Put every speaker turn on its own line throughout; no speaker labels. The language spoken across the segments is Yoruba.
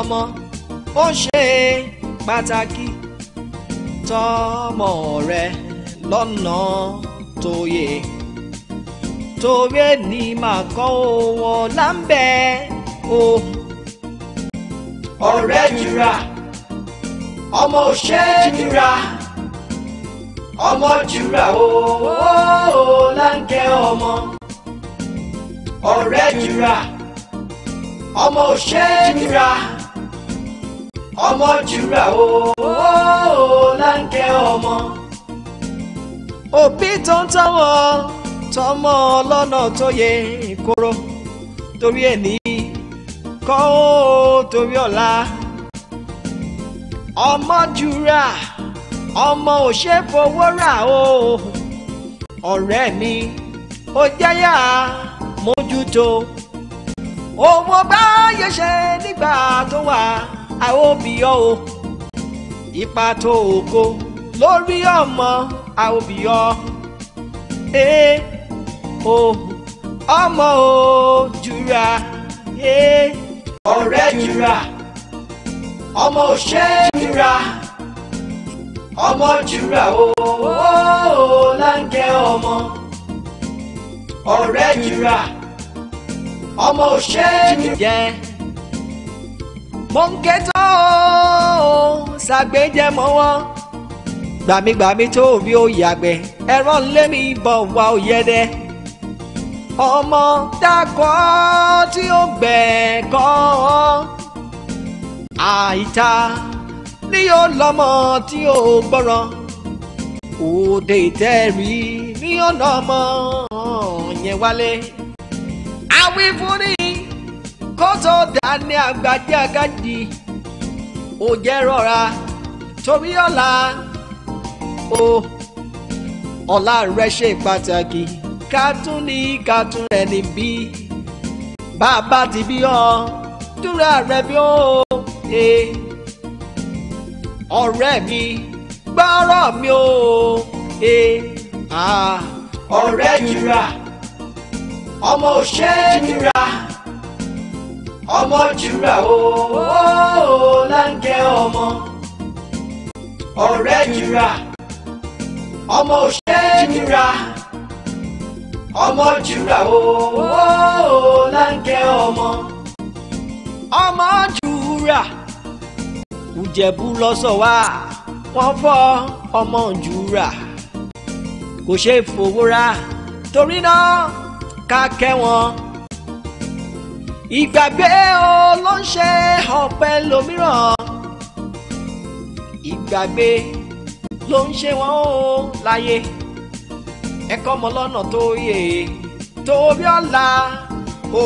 ọmọ ó ṣe pàtàkì tọ́mọ rẹ lọ́nà tó yẹ torí ẹni máa kọ́ wọn láǹbẹ̀ o. ọ̀rẹ́ jura ọmọ òṣè jura ọmọ jura ooo láǹkẹ́ ọmọ ọ̀rẹ́ jura ọmọ òṣè jura ọmọ jura o láǹkẹ́ ọmọ. òbí tó ń tọ́wọ́ tọmọ lọ́nà tó yẹ kóró torí ẹ̀ ní kọ́ ó torí ọ̀la ọmọ jura ọmọ ò ṣe fowó rà o ọ̀rẹ́ mi ó jẹ́yà mójútó owó báyé ṣe nígbà tó wà àòbíọ́ o ipa tó o kó lórí ọmọ àòbíọ́ ee o ọmọ o jura ee ọ̀rẹ́ jura ọmọ ò ṣe é jura ọmọ jura o láǹkẹ́ ọmọ ọ̀rẹ́ jura ọmọ ò Jura. é jura mọ̀nkẹ́ tó ṣàgbéjẹ́ mọ́wọ́ gbàmígbàmí tó bí ó yàgbẹ́ ẹ̀rọ lémi bọ̀ wá òyẹ́dẹ́ ọmọ dákọ́ tí ó gbẹ̀ kọ́ àìta ni yóò lọ́mọ tí ó gbọ́ràn òde ìtẹ́rí ni yóò lọ́mọ yẹn wálé àwífúnni tó dá ní àgbàdì àgàdì ò jẹ́ rọra torí ọ̀la o ọ̀la rẹ ṣe pàtàkì ká tún ní ká tún rẹ níbí bàbá ti bí ọ dúrà rẹ bí ó e ọ̀rẹ́ mi gbọ́rọ̀ mi ó e ọ̀rẹ́ jura ọmọ òṣèjúra ọmọ jura o láǹkẹ́ ọmọ ọ̀rẹ́ jura ọmọ òṣèré jura ọmọ jura o láǹkẹ́ ọmọ ọmọ jura ìjẹ̀bú lọ́sọ̀ wá wọ́n fọ́ ọmọ jura kò ṣeé fowó ra torí náà ká kẹ́ wọn ìgbàgbé o ló ń ṣe ọ̀pẹ lòmíràn ìgbàgbé ló ń ṣe wọ́n ó láyé ẹ̀kọ́ ọmọ lọ́nà tó yẹ torí ọ̀la o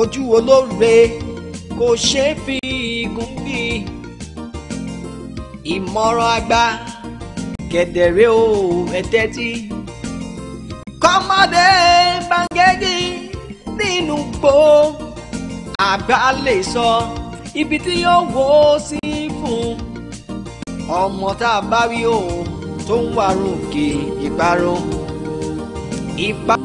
ojú olóore kò ṣeé fi igun bí ìmọ̀ràn àgbà kẹ̀dẹ̀rẹ́ o ẹ̀tẹ́tí kọ́mọdé bangẹ́gì nínú gbó àgbà lè sọ ibi tí yóò wò ó sí fún ọmọ tá a bá wí o tó ń wàrùn kì í parun ìparun.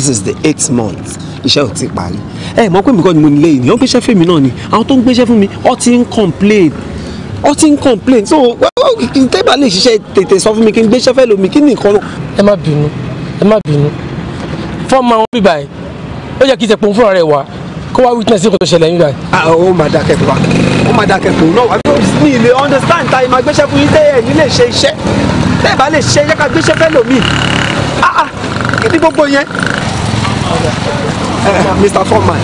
this is the eighth month iṣẹ́ ò ti parí ẹ mọ̀ pé mi kọ́ ni mo nílé yìí wọ́n gbéṣẹ́ fún mi náà ni àwọn tó ń gbéṣẹ́ fún mi ó ti ń complain ó ti ń complain so tẹ́bà lè ṣiṣẹ́ tètè sọ fún mi kí n gbéṣẹ́ fẹ́ lomi kí nìkan.
ẹ má bínú ẹ má bínú
fọ́ọ̀mù àwọn bíbá ẹ̀ ó yẹ kí n ṣe pòun fúnra rẹ̀ wá kó wá witness kó tó ṣẹlẹ̀ yín báyìí. ó máa dákẹ́ tó wá ó máa dákẹ́ tó náà wá mi lè understand ta ìmọ̀ gbéṣẹ́ fún yín tẹ́yẹ̀ ní lè ṣe iṣẹ́ tẹ́ẹ̀ bá lè ṣe iṣẹ́ ká gbéṣẹ́ fẹ́ lòmíì ah ah kí ni gbogbo yẹn Mr. Foreman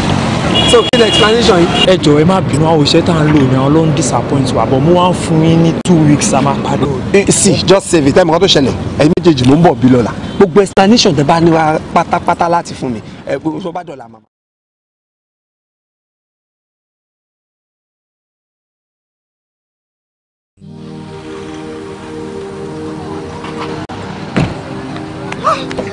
so kí ni explanation yìí. ẹ jọ̀ọ́ ẹ má bínú àwọn òṣìṣẹ́ tá à ń lò yẹn ló ń disappoint wa bọ̀ mo wá ń fún yín ní two weeks a máa padà. Eh, sí just save it ẹ mọ̀ kó tó ṣẹlẹ̀ ẹ̀yin méjèèjì ló ń
bọ̀ bí lọ́la gbogbo explanation tẹ bá ní wa pátápátá láti fún mi
ẹ gbogbo tó bá dọ̀là màmá.
Ah!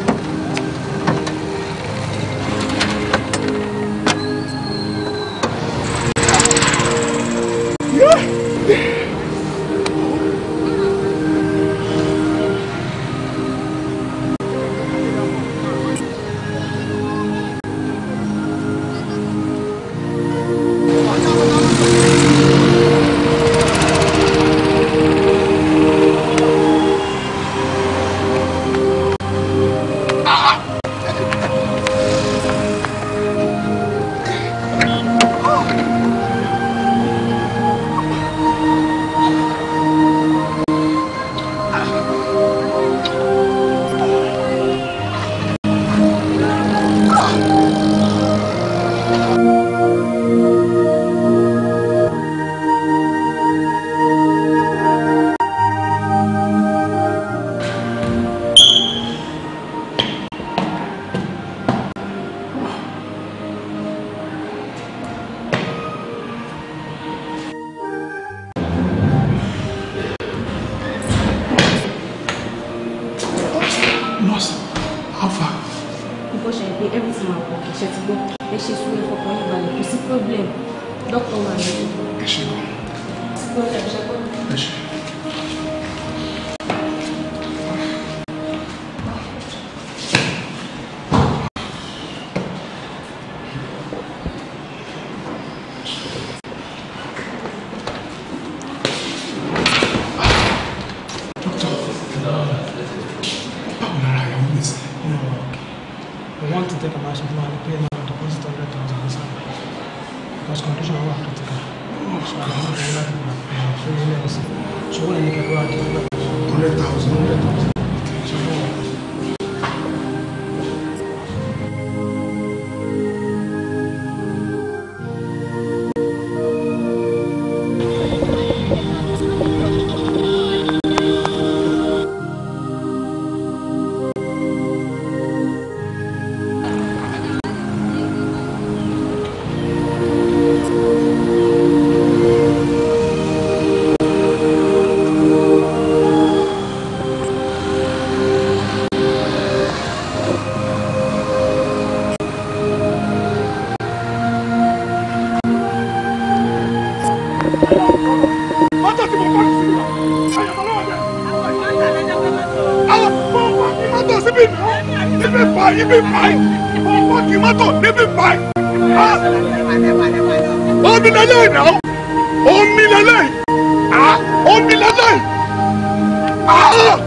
lélẹ̀ náà omi lélẹ̀ ah omi lélẹ̀ ah, ah.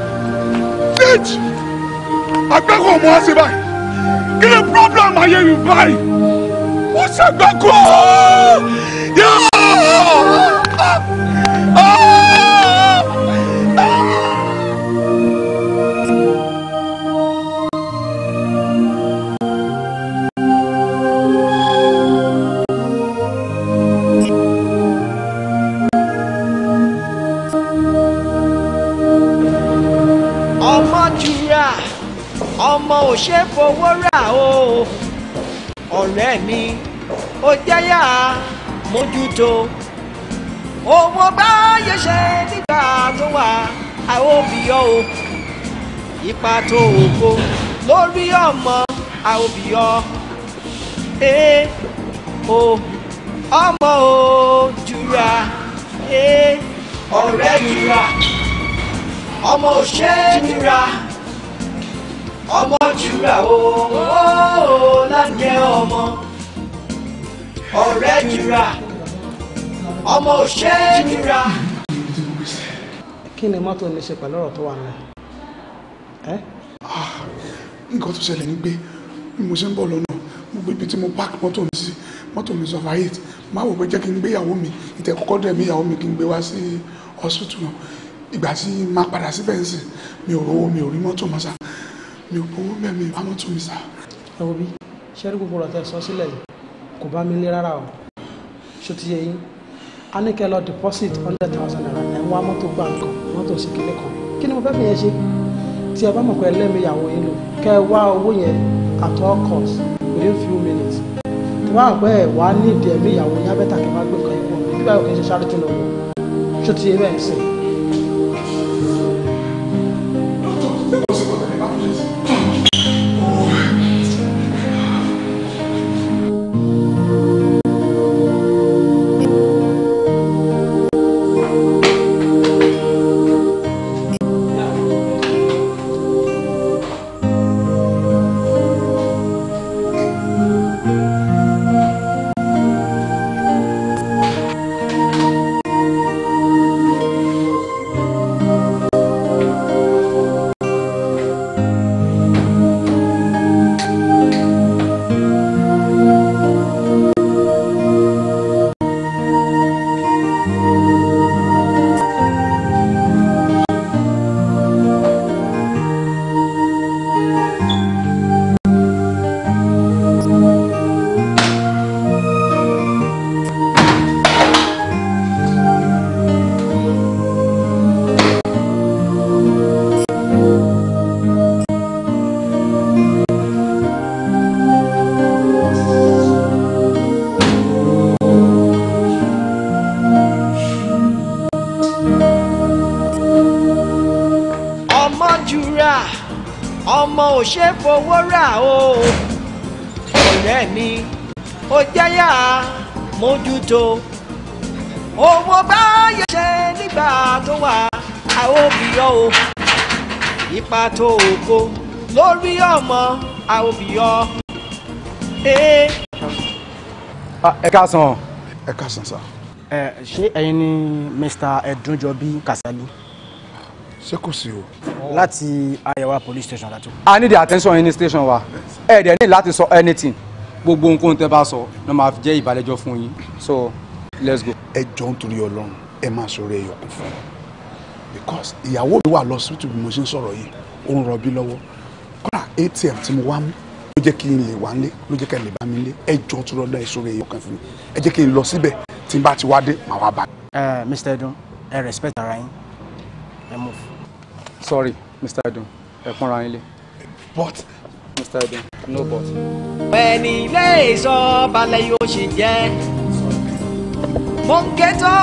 fíjì
àgbẹ̀kọ̀ ọmọ wa ṣe báyìí kí ni problem ayé mi báyìí ó ṣàgbẹ̀kọ̀ yẹ́n.
I will be your eh oh, ọmọ o jura eh ọ̀rẹ́ jura ọmọ òṣè jura ọmọ jura o lájẹ ọmọ ọ̀rẹ́ jura ọmọ òṣè jura.
kí ni mọ́tò ní ṣe pẹ̀lú ọ̀rọ̀ tó wà nílẹ̀.
Ah, nǹkan tó ṣẹlẹ̀ ní gbé ṣe ń bọ̀ lọ́nà mo gbé ibi tí mo park mọ́tò mi sí mọ́tò mi sọ fàáyé má wò pé jẹ́ kí n gbé ìyàwó mi ìtẹ̀kọ́kọ́ dẹ̀ mí ìyàwó mi kí n gbé wá sí hospital náà ìgbà tí má padà síbẹ̀ ń sìn mi ò rówó mi ò rí mọ́tò mọ́sá
mi ò gbowó bẹ́ẹ̀ mi ò bá mọ́tò mi sá. ẹ wo bí sẹ́rí gbogbo ọ̀rọ̀ tẹ sọ sílẹ̀ yìí kò bá mi lé rárá o ṣó ti yẹ yín a ní kẹ́ lọ deposit hundred thousand naira ẹ̀ ń wá mọ́tò gbà kan mọ́tò sí kinní kan kí ni mo fẹ́ fi yẹn ṣe tí ẹ bá mọ̀ pé ẹlẹ́mìyàwó yín lò kẹ́ ẹ wá owó yẹn at all cost within few minutes tí wọ́n á pẹ́ ẹ̀ wá nídìí ẹ̀mí ìyàwó yín abẹ́tàkẹ́ má gbé kan ìwọ̀n nígbà yóò kẹ́ ṣe ṣáàrìtì lọ́wọ́ ṣó ti ẹ bẹ́ẹ̀ sìn.
tó. owó báyé ṣe nígbà tó wà a ó fi yọ o. ipa tó o kó lórí ọmọ a ó fi yọ. ẹ
ah, káàsán. ẹ káàsán sá. ẹ ṣé ẹ̀yin ni Mr. Ẹ̀dúnjọbí Kàsálí. ṣé kò sí o láti Ayẹ̀wà police station látó. a ní the attention yín ní station wa ẹ dẹ̀ ní láti sọ anything gbogbo nǹkan tẹ́ bá sọ ló máa jẹ́ ìbálẹ́jọ́ fún yín so let's go. ẹ jọ ń torí Ọlọ́run ẹ máa sọ̀rọ̀ ẹ yọkùn fún un
because ìyàwó mi wà lọ síbítù bí mo ṣe ń sọ̀rọ̀ yìí ó ń rọbí lọ́wọ́ kọ́ra ATM tí mo wá mú ló jẹ́ kí n lè wá nílé ló jẹ́ kí n lè bá mi nílé ẹ jọ ń torí ẹ sọ̀rọ̀ ẹ yọkùn fún mi ẹ jẹ́ kí n lọ síbẹ̀ tí n bá ti wá dé màá wá bá.
Mr. Edun ẹ
respect ara yín
ẹ
move.
sorry Mr. Edun ẹ kúnra yín lé. but Mr. no boss.
Ẹni ilé ìsọ balẹ̀ yóò ṣe jẹ́. Mo ń ké tó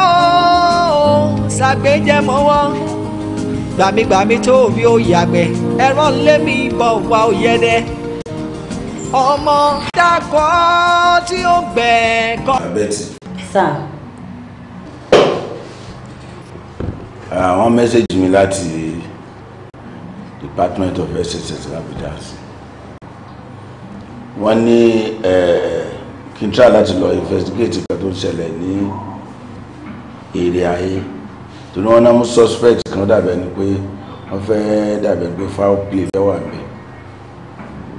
ṣàgbéjẹ mọ́wọ́. Gbàmígbàmí tó bí ó yàgbẹ́, ẹ̀rọ lé mi bọ̀ wá òyẹ́dẹ́. Ọmọ dákọ̀ tí ó gbẹ̀ kọ́.
Àwọn mẹ́sẹ̀gì mi láti Department of Estate and Abidjan wọ́n ní kí n try láti lọ investigate kan tó ń ṣẹlẹ̀ ní èrè ayé torí wọ́n náà mú suspect kan dàbẹ̀ ni pé wọ́n fẹ́ dàbẹ̀ pé foul play fẹ́ wà níbẹ̀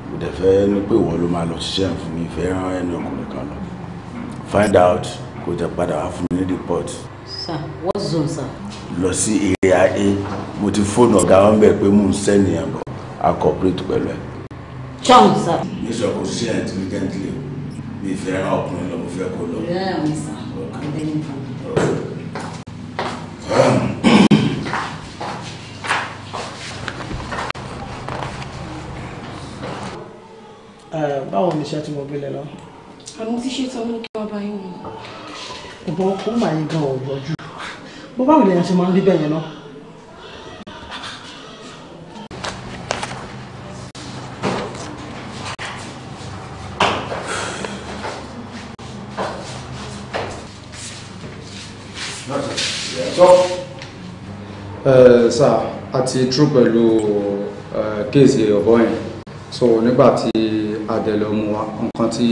kò dẹ̀ fẹ́ ní pé ìwọ ló máa lọ ṣiṣẹ́ fún mi ìfẹ́ rán ẹni ọkùnrin kan lọ find out kò jẹ́ padà wá fún mi ní report.
sir what zone sir.
lọ sí èrè ayé mo ti fóònù ọ̀gá wọn bẹ̀ pé mò ń sẹ́niyàn bọ̀ a cooperate pẹ̀lú ẹ̀. John sir. mi sọ kò sí ẹ̀ intelligently mi fẹ́ ra ọkùnrin lọ mo fẹ́ kó lọ. bẹ́ẹ̀ mi sà ọ̀gbẹ́ni kan.
báwo ni iṣẹ́ tí mo gbélé lọ.
àwọn tí ṣètò ọmọ kí wọ́n bá yín wọn.
ìbọn kó máa yí gan-an ò yọjú bó báwo lèèyàn ṣe máa ń rí bẹ́ẹ̀ yẹn náà.
Eh, sà a ti trú pẹ̀lú kéèsì eh, ọ̀bọ yẹn so nígbà tí adẹ̀lẹ̀ ọmọ wa nǹkan tí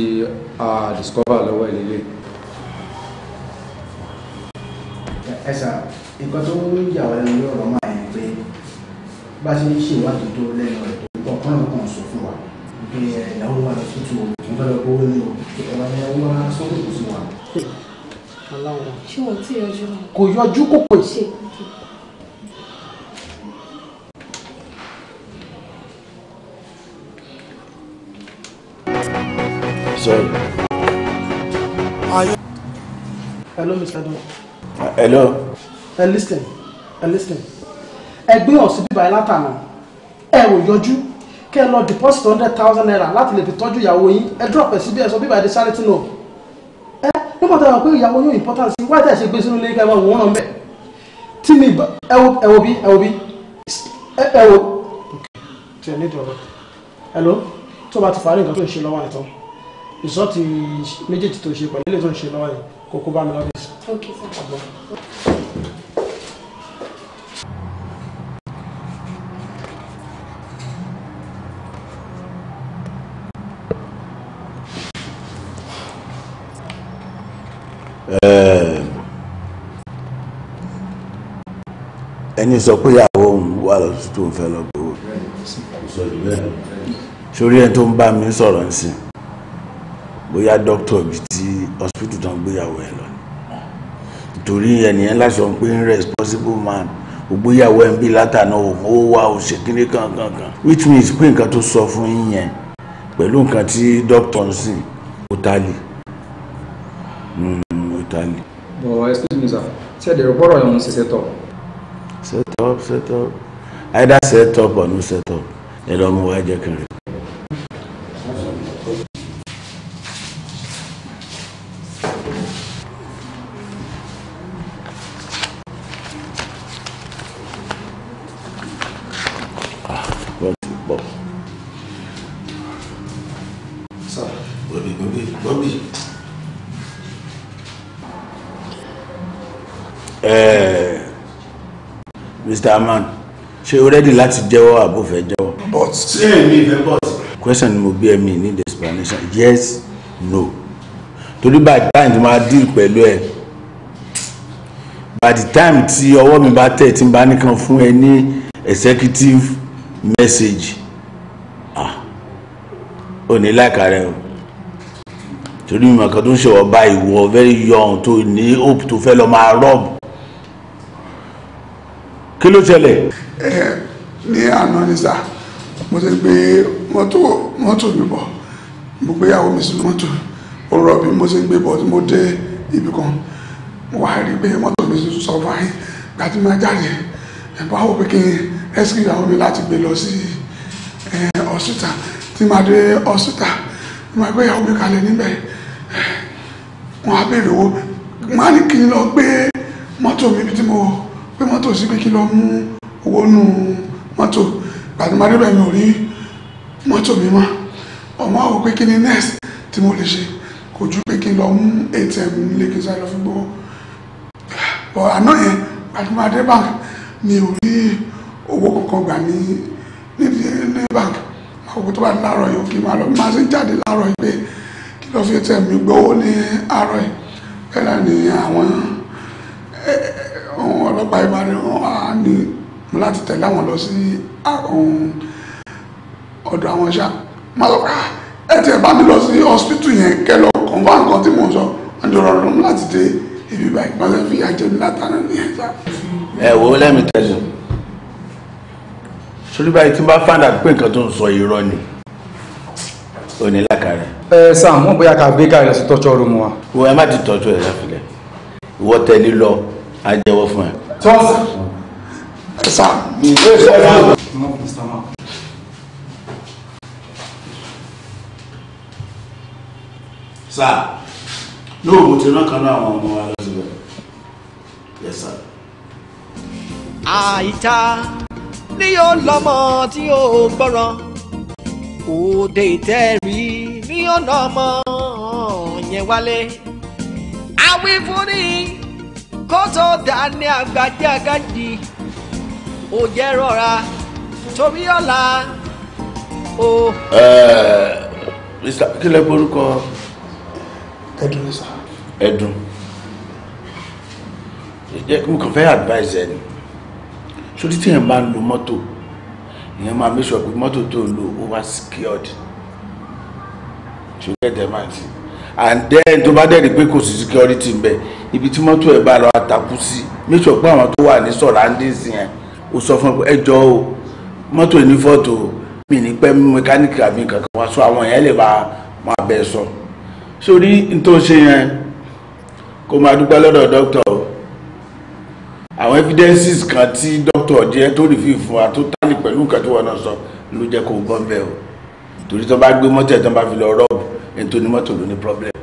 a
discover lọ́wọ́ ẹ̀ lélẹ̀. ẹ eh, sà
nǹkan tó ń yà wá lórí ọ̀rọ̀ máa yẹn pé bá a ṣe ń ṣèwádìí tó lẹ́nu rẹ̀ tó pọ̀ kọ́nà kan sọ fún wa pé ìyàwó wa lọ tútù o mo fẹ́ lọ gbówó ní o ẹ̀rọ ni ẹ̀wọ́ wa sọ́dọ̀ kò sí wa. ṣé wọ́n ti yọjú. kò yọjú kò
pèsè.
sorry. Are
Hello, Mr. Don. Uh, hello. Ẹ listen, ẹ listen. Ẹ gbé ọ̀sìn bíbá ẹ látànà. Ẹ ò yọjú. Kẹ́ ẹ lọ deposit hundred thousand naira láti lè fi tọ́jú ìyàwó yín. Ẹ drop ẹ̀ síbí ẹ sọ bíbá ẹ di charity note. Ẹ nígbà tó yà pé ìyàwó yóò important sí wáyé tẹ̀ ṣe gbé sínú ilé ká ẹ máa wò ó ràn bẹ́ẹ̀. Tí mi ẹ wo ẹ wo bí ẹ wo bí ẹ ní ìdọ̀rọ̀. Hello, tó o bá ti fàárí nǹkan tó ń ṣe lọ́wọ́ àìtọ́ ìsọ́ọ̀tì méjèèjì tó ṣe pẹ̀lú ilé tó ń ṣe lọ́wọ́ yìí kò kó bá mi lọ́fíìsì.
Okay,
ẹni sọ pé ìyàwó òun wà lọ́sùn tó ń fẹ́ lọ sórí ẹni tó ń bá mi sọ̀rọ̀ ń bóyá dókítà bíi ti hospital tó ń gbéyàwó ẹ lọ nítorí ẹnìyẹn láṣọ pé ń responsible man ògbéyàwó ẹ ń bí látàná òun ó wá òṣèkínní kankan kan which means pé nǹkan tó sọ fún yín yẹn pẹ̀lú nǹkan tí dókítà ń sìn ó tálì hmm, ó tálì.
bọ̀ excuse me sir ṣé ẹ̀dẹ̀ rẹ̀ bọ́rọ̀ ọ̀hún ṣe set
up. set up set up either set up or no set up ẹ̀rọ ọmọ wa jẹ́ kan rẹ̀. Bobby. Sir. Bobby, Bobby, Bobby. Eh, Mr. Aman, she already ready láti jẹ́wọ́ above fẹ́ job. But. Ṣé me, the boss. Question will be gbé ẹ need explanation. Yes, no. To the bad time my deal pẹ̀lú ẹ, by the time tí ọwọ́ mi bá tẹ̀ tí n bá nìkan fún executive Message. Ah, ní láìka rẹ o torí mi màkà tó ń ṣèwọ́ báyìí wọ very young to ní hope to fẹ́ lọ máa rọ́ọ̀bù Kilo ló Eh,
ẹ ní àná ní sá mo ti gbé mọ́tò mọ́tò mi bọ̀ mo gbé ìyàwó mi sínú mọ́tò ó rọ̀bì mo ti gbé bọ̀ tí mo dé ibì kan mo wá rí i pé mi sọ fún ayé gbàtí máa jáde ẹ̀ bá wò pé kí excuse àwọn mi láti gbé lọ sí ọ̀ṣùtà tí màá dé ọ̀ṣùtà màá gbé ìyàwó mi kalẹ̀ níbẹ̀ wọn á béèrè owó màá ní kí n lọ gbé mọ́tò mi bí tí mo gbé mọ́tò sí pé kí n lọ mú owó nù mọ́tò gbàtí màá débẹ̀ mi ò rí mọ́tò mi mọ́ ọmọ àwọn pé kí ni next tí mo lè ṣe kò ju pé kí n lọ mú atm nílé kí n sáré lọ fi gbowó bọ̀ àná yẹn gbàtí màá dé mi ò rí owó kankan gbà ní ní ní bank máa wò tó bá láàárọ̀ yìí kí n máa lọ máa ṣe ń jáde láàárọ̀ yìí pé kí lọ fi tẹ̀ mí gbowó ní àárọ̀ yìí bẹ́ẹ̀ náà ni àwọn ọlọ́pàá Ìbàdàn á ní láti tẹ̀lé àwọn lọ sí ọ̀dọ̀ àwọn ṣá máa lọ ká ẹ tiẹ̀ bá mi lọ sí hospital yẹn kẹlọ kọ̀ǹfà nǹkan
tí mò ń sọ wọ́n jọ rọrùn láti dé ibi báyìí wọ́n fẹ́ fi àjẹmí látara ní ẹ̀ta. ẹ wo lẹ́mi tẹ̀sán sórí báyìí tí n bá fàdà pé nǹkan tó ń sọ irọ́ ni ò ní lákàrẹ.
ẹ sam wọn bóyá ká gbé káyọ̀ sí tọ́jú
ọrùn wa. ìwọ ẹ má ti tọ́jú ẹ láfilẹ̀ ìwọ tẹ̀lé lọ á jẹ́wọ́ fún ẹ. sáà lóò mo ti rán kan àwọn ọmọ wa lọ síbẹ̀
yẹ sáà. àìta ní yóò lọ́mọ tí ó gbọ́ràn òde ìtẹ́rí ní ọ̀nà ọmọ yẹn wálé àwífúnni kó tó dání àgbàdì àgàdì ó jẹ́ rọra
o. mr kílẹ̀ borúkọ. ẹdùn sir. ẹdùn mo kàn fẹ́ advice ẹ ni sórí tí èèyàn bá ń lo mọ́tò èèyàn máa make sure pé mọ́tò tó ń lo over secured ṣùgbọ́n ẹ̀dẹ̀ máa ti and then tó bá dẹ̀rí pé kò sí security ń bẹ ibi tí mọ́tò ẹ̀ bá lọ àtàkù sí make sure pé àwọn tó wà ní surroundings yẹn ó sọ fún ẹ jọ o mọ́tò ẹ̀ ní fọ́tò mi ní pẹ́ mẹkáníìkì àbí nǹkan kan wá sọ àwọn yẹn lè máa bẹ̀ sọ sórí nítorí ṣe yẹn kó máa dúpẹ́ lọ́dọ̀ dókítà o àwọn evidences kan tí dókítà ọ̀jẹ́ tó rí fífún wa tó tálì pẹ̀lú nǹkan tí wọ́n náà sọ ló jẹ́ kó bọ́ bẹ́ẹ̀ o torí tó bá gbé mọ́tò ẹ̀ tó bá fi lọ rọ́ọ̀bù ẹni tó ní mọ́tò ló ní problem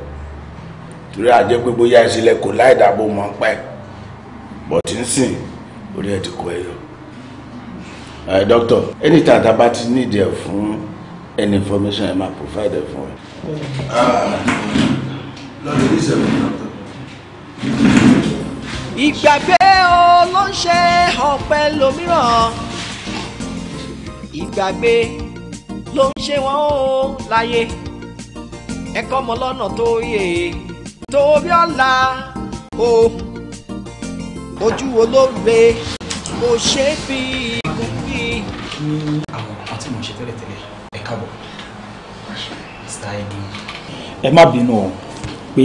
torí àjẹ́ pé bóyá ìṣẹ̀lẹ̀ kò láì dáàbò mọ́ pa ẹ̀ bọ̀tí ń sìn orí ẹ̀ ti kọ ẹ̀ yọ. dókítà ẹni tàǹtà bá ti ní ìdí ẹ̀ fún any information ẹ̀ máa provide ẹ̀ fún ẹ. Ah, lọ́dún ní sẹ́wọ̀n dókítà
ìgbàgbé o ló ń ṣe ọ̀pẹ lòmíràn ìgbàgbé ló ń ṣe wọ́n ó láyé ẹ̀kọ́ ọmọ lọ́nà tó yẹ torí ọ̀la o ojú wo ló re kò ṣe é fi igun bí. ní àwọn nǹkan tí mo ṣe tẹ́lẹ̀tẹ́lẹ̀
ẹ káàbọ̀ ẹ má bínú o pé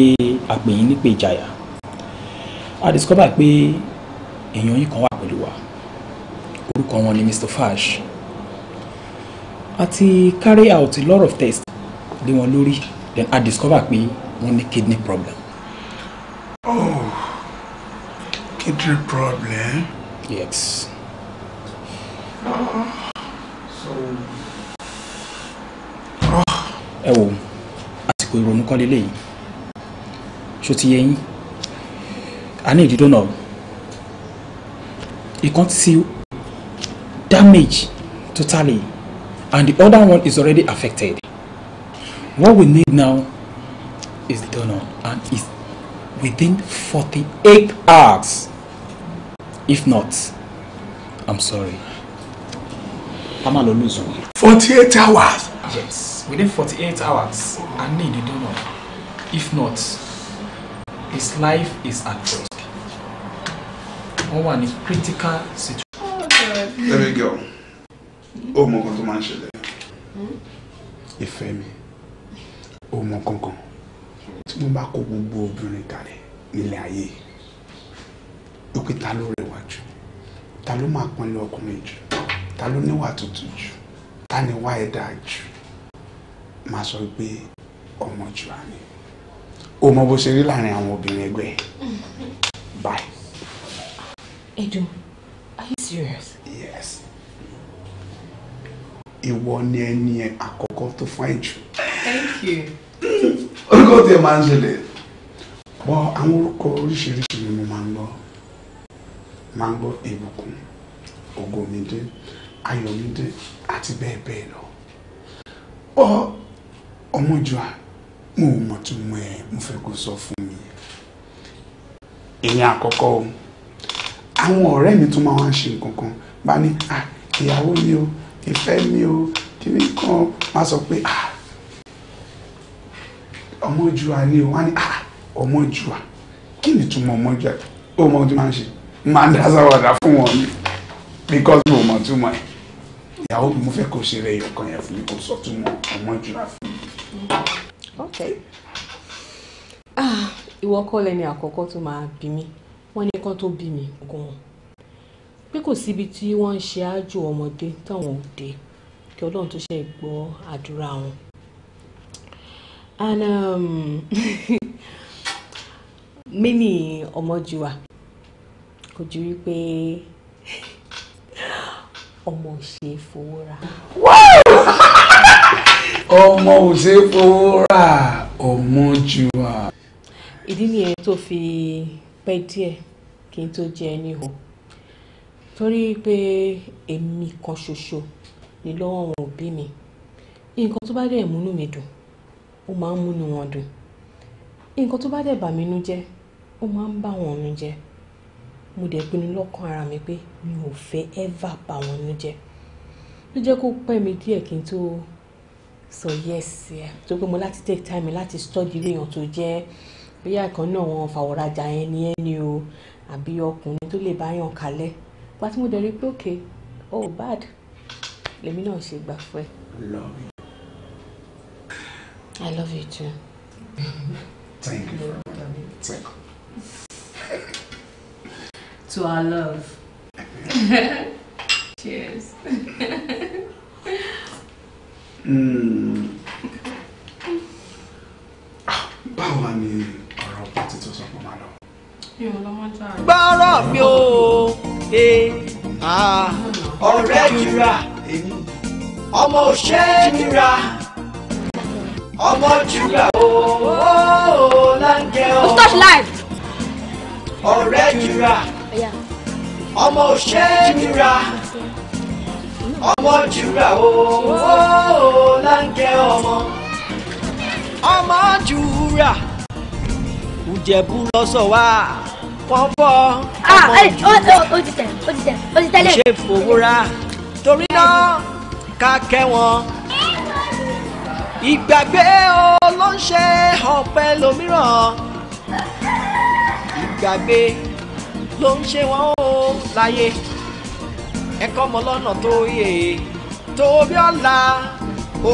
àpèyìn nípe ìjàyà a discover pé èèyàn yìí kan wà pẹ̀lú wa orúkọ wọn ni Mr. Fash a carry out a lot of tests lé wọn lórí then a discover pé wọ́n ní kidney problem.
oh kidney problem.
yes. Oh. so. ẹ wo àsìkò ìrònú kan lélẹ́yìn ṣó ti yẹ yín. I need you don't know. You can't see damage totally and the other one is already affected. What we need now is the donor and it's within 48 hours. If not, I'm sorry. I'm gonna lose one. 48 hours? Yes, within 48 hours, I need the donor. If not, his life is at risk. wọ́n wà ní critical
situation. baby girl ó mọ nǹkan tó máa ń
ṣẹlẹ̀ ìfẹ́ mi ó mọ kankan tí mo bá kó gbogbo obìnrin kalẹ̀ nílé ayé ó pé ta ló rẹwà jù ta ló máa pọnlé ọkùnrin jù ta ló níwà tútù jù ta ni wá ẹ̀dá jù máa sọ pé ọmọ jù á ni o mọ bó ṣe rí láàrin àwọn obìnrin ẹgbẹ́ bye.
Edun are you serious. yes
ìwọ ni ẹni àkọ́kọ́ tó fáyìn jù. thank you. orúkọ tí ẹ máa ń ṣẹlẹ̀ bọ́ àwọn orúkọ oríṣiríṣi ni mo máa ń gbọ́ máa ń gbọ́ ìbùkún ògòmídé ayọ̀mídé àti bẹ́ẹ̀ bẹ́ẹ̀ lọ. bọ́ ọmọ ìjọ àná mo ò mọ̀ tún mọ̀ ẹ́ mo fẹ́ kó sọ fún mi ìyẹn àkọ́kọ́ o àwọn ọ̀rẹ́ mi tún máa ń ṣe nǹkan kan bá ní ìyàwó mi o ìfẹ́ mi o kìíní kan máa sọ pé ọmọjúwa ni o wá ní ọmọjúwa kí ni túmọ̀ ọmọjúwa ó mọ ohun tí máa ń ṣe máa ń dá sáwàdà fún wọn ni because mo mọ̀ túmọ̀ ẹ̀ ìyàwó mi mo fẹ́ kó ṣe rẹ̀ yọ̀kan yẹn fún mi kó sọ túmọ̀ ọmọjúwa fún mi
rejected. ah ìwọ kọ́ lẹni àkọ́kọ́ tó máa bí mi wọ́n ní kán tó bí mi gan-an pé kò síbi tí wọ́n ń ṣe àjò ọmọdé táwọn ò dé kí ọlọ́run tó ṣe gbọ́ àdúrà wọn. and um, mini ọmọjúwa kò ju wípé ọmọ ò ṣe fowó ra
ọmọ ò ṣe é fowó rà ọmọ jù wá.
ìdí nìyẹn tó fi pẹ́ díẹ̀ kí n tó jẹ ẹni hò torí pé èmi kan ṣoṣo ni lọ́wọ́ àwọn òbí mi nǹkan tó bá dẹ̀ múnú mi dùn ó máa ń múnú wọn dùn nǹkan tó bá dẹ̀ bà mí nú jẹ́ ó máa ń bà wọ́n nú jẹ́ mo dẹ̀ pinnu lọ́kàn ara mi pé mi ò fẹ́ ever bà wọ́n nú jẹ́ ló jẹ́ kó pẹ́ mi díẹ̀ kí n tó so yes yeah. So pé mo láti take time láti study irú èèyàn tó jẹ́ bóyá ìkan náà wọn fàwọ̀rajà yẹn ni ẹ́ ni o àbí ọkùnrin tó lè bá yàn kalẹ̀ wá tí mo dẹ̀ rí pé òkè oh bad lèmi náà ṣe gbà fún ẹ. love you. I love you too. Thank you Thank you. To our love.
Cheers.
Hmm. Ah, báwo wá ni ọ̀rọ̀ pàtí tó sọ pé máa lọ.
gbọ́rọ̀ mi ò
he ah, ọ̀rẹ́ jìra ọmọ òṣè jìra ọmọ jìra ooo láńgẹ̀ ọ̀ ọ̀rẹ́ jìra ọmọ òṣè jìra ọmọ jìra ooo. ọmọ jùrà ìjẹ̀bú lọ́sọ̀ wá pọ́npọ́ ọmọ jùrà ó ṣe fowó torí náà ká kẹ́ wọn. ìgbàgbé o ọ̀pẹ lòmíràn ìgbàgbé ló ń ṣe wọ́n o láyé ẹ̀kọ́ ọmọ lọ́nà tó yẹ tó bí ọ̀la o.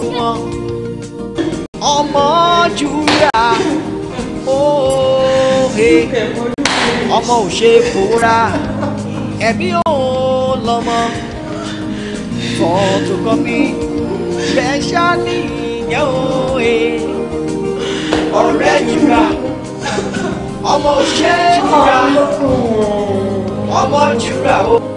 wọn ọmọ júra òhe ọmọ ò ṣe fòórá ẹbí òun lọmọ fọtòkọpì spẹ́ṣálì yẹn òhe ọ̀rẹ́ júra ọmọ ò ṣe júra ọmọ júra òhe.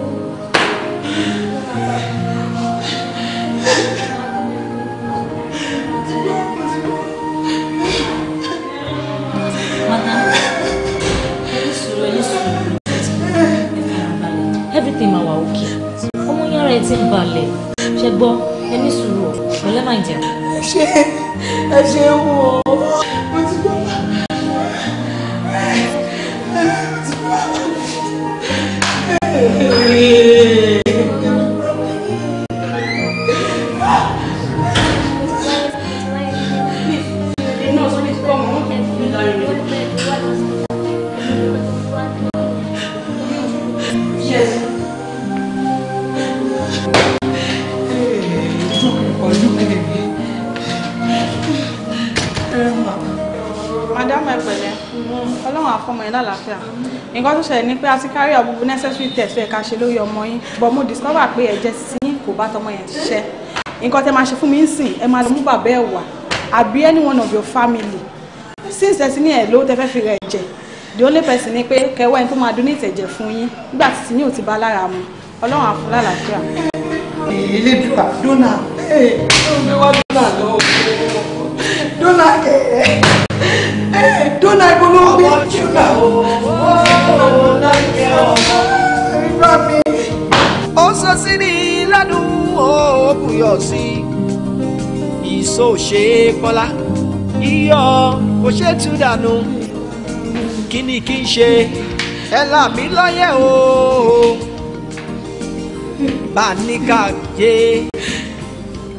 ẹ ti ń balẹ̀
ṣe gbọ́ ẹ ní sùúrù pẹ̀lẹ́ máa jẹun.
ṣé ẹ ṣe ń wò ó mo ti gbọ́
fọmọ yẹn lálàáfíà nǹkan tó ṣẹlẹ̀ ni pé a ti kárí ọ̀bùbù necessary test ẹ̀ka ṣe lórí ọmọ yín but mo discover pé ẹ̀jẹ̀ sí kò bá tọmọ yẹn ṣiṣẹ́ nǹkan tẹ máa ṣe fún mi ń sìn ẹ máa lọ mú bàbá ẹ wá àbí any one of your family since ẹ ti ní ẹ ló tẹ fẹ́ fi rẹ̀ jẹ the only person ni pé kẹwẹ́ ẹni tó máa donate ẹ̀jẹ̀ fún yín nígbà tí tìyín ò ti bá lára mu ọlọ́run àfúlà làáfíà. ilé dùkà dọ́là ẹ̀ ẹ̀ ọ́n gbé wá dọ́là lọ́wọ́.
yọ sí ìṣó òṣè kọ́lá iyọ̀ òṣè tú dànù kí ni kí n ṣe ẹ là mí lọ́yẹ̀ o bá a ní ká yé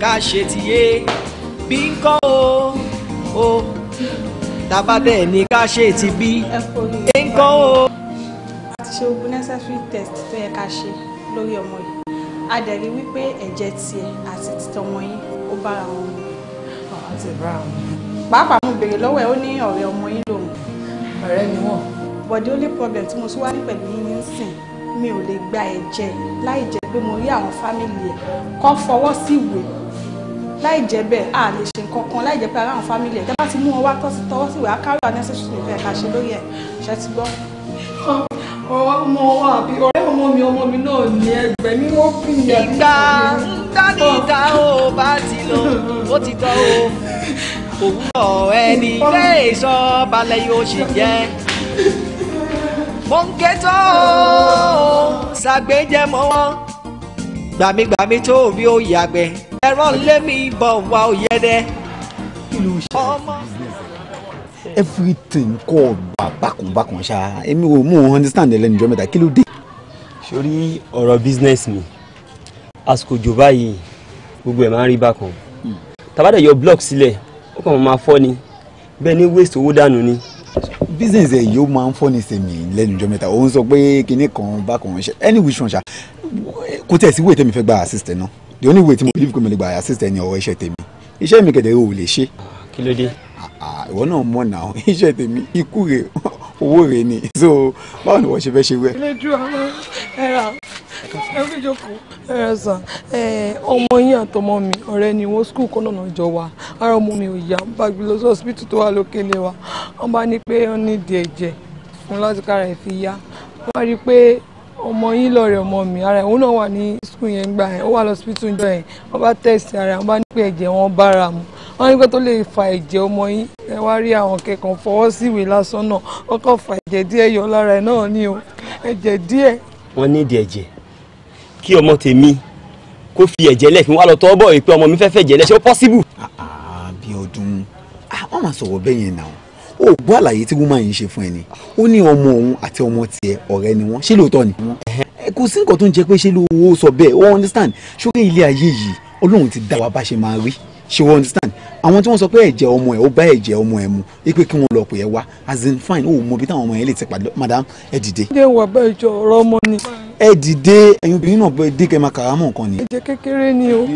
ká ṣe ti yé bí ń kọ́ o o tàbá dẹ̀ ní ká ṣe ti bí
ń kọ́ o. àti ṣe ogun necessary test tó yẹ ká ṣe lórí ọmọ yìí a dẹ̀ rí wípé ẹ̀jẹ̀ tiẹ̀ àti títọmọ yín ó bára wọn mu. àwọn ti bára wọn. pàápàá mo béèrè lọ́wọ́ ẹ̀ ó ní ọ̀rẹ́ ọmọ yín lòun. ọ̀rẹ́ mi wọ̀. but the only problem tí mo tún wá ní pẹ̀lú yín ní sìn mi ò lè gba ẹ̀jẹ̀ láì jẹ́ pé mo rí àwọn fámìlì ẹ̀ kọ́ fọwọ́ sí ìwé láì jẹ́ bẹ́ẹ̀ a lè ṣe nǹkan kan láì jẹ́ pé ara àwọn fámìlì ẹ̀ tẹ́ bá ti mú wọn wá tọ́sí tọwọ́ sí ìwé á kárí àwọn ẹ̀sẹ̀ ṣe lórí ẹ̀ ṣẹ́ ti gbọ́ ọmọ
àbí ọ̀rẹ́ ọmọ mi ọmọ mi náà ní ẹgbẹ́ mi wọ́n
fi ìyá mi. ìgbà ńdání
ìdá
o bá ti lọ ó ti tọ́ o òun ẹni lè sọ balẹ̀ yóò ṣe jẹ́ mọ̀nkẹ́tọ́ ṣàgbéjẹ́ mọ́ wọn gbàmígbàmí tó bí ó yàgbẹ́ ẹ̀rọ lémi bọ̀ wá òyẹ́dẹ́. kí
everything kọ́ back on ṣá èmi ò mú understand ẹlẹ́nu ìjọ mẹ́ta kí ló dé. sórí ọ̀rọ̀ business mi àsìkò jò báyìí
gbogbo ẹ̀ máa ń rí bákan hmm. tàbádẹ́ yọ block sílẹ̀ ó kàn máa fọ́ ni
bẹ́ẹ̀ ni waste owó dànù ni. business ẹ̀ yóò máa ń fọ́ ni sèmi lẹ́nu ìjọ mẹ́ta òun sọ pé kinní kan bákan ṣe any which one ṣá kò tẹ̀ sí wèé tẹ̀mí fẹ́ gba assist náà the only way tí mo believe kò mẹ́lẹ̀ gba assist ẹ̀ ni ọwọ́ iṣẹ́ tèmi iṣẹ́ mi kẹ̀dẹ̀ ò lè ṣe. kí ló dé ìwọ náà mọ̀ náà iṣẹ́ tèmi ikú rẹ̀ owó rẹ̀ ni so báwo ni wọ́n ṣe fẹ́ ṣe wẹ̀.
ilé ju àwọn ẹ̀rà ẹ̀fí jókòó ẹ̀rọ sàn ọmọ yín àtọmọ mi ọ̀rẹ́ ni wọ́n skul kan náà jọ wá ara ọmọ mi ò yá bá gbé lọ sí ọsibítù tó wà lókè lé wa wọ́n bá ní pé wọ́n ní ìdí ẹ̀jẹ̀ fún láti kára ẹ̀ fi yá wọ́n bá rí i pé ọmọ yín lọ́rẹ̀ ọmọ mi ara ẹ̀ òun náà wà ní skul yẹn gbà yẹn ó wà lọ ọsibítù jọ yẹn wọ́n bá tẹ̀sí ara ẹ̀ wọ́n bá ní pé ẹ̀jẹ̀ wọn bára mu wọ́n ní pé tó lè fa ẹ̀jẹ̀ ọmọ yín ẹ wá rí àwọn kẹ̀kọ́ fọwọ́ síwèé lásán náà wọ́n kàn fa ẹ̀jẹ̀ díẹ̀ yọ lára ẹ̀ náà ni o ẹ̀jẹ̀ díẹ̀.
wọ́n ní ìdí ẹ̀jẹ̀ kí ọmọ tèmi kó fi ẹ̀jẹ̀ lẹ̀ kí wọ́n á lọ tọ́ bọ̀ pé ọmọ mi fẹ́ fẹ̀jẹ̀ lẹ̀ ṣé ó pọ́síbù.
àbí ah, ọdún ah, wọ́n máa sọ̀rọ̀ bẹ́ẹ̀ yẹn náà ó gbọ́ àlàyé tí wọ́n máa ń ṣe fún ẹ ni ó ní ọmọ òun àti ọmọ tiẹ̀ ọ̀rẹ́ ni wọ́n ṣé lóòótọ́ ni. Eh, kò sí nǹkan tó ń jẹ pé ṣé lówó sọ bẹ́ẹ̀ ó understand ṣókè ilé ayé yìí Ọlọ́run ti dá wa bá ṣe máa rí She will understand àwọn tí wọ́n sọ pé ẹ̀jẹ̀ ọmọ ẹ̀ ó bá ẹ̀jẹ̀ ọmọ ẹ̀ mu ipe kí wọ́n lọ pè ẹ́ wá as in fine ó mọ bí táwọn ọmọ yẹn lè ti pàdé madam ẹ dìde. ẹ wà bá ìjọ ọ̀rọ̀ ọmọ ni. ẹ dìde ẹ̀yin obìnrin náà dé kẹ́ máa kàrà mọ́ nǹkan ni.
ẹ̀jẹ̀ kékeré ni o.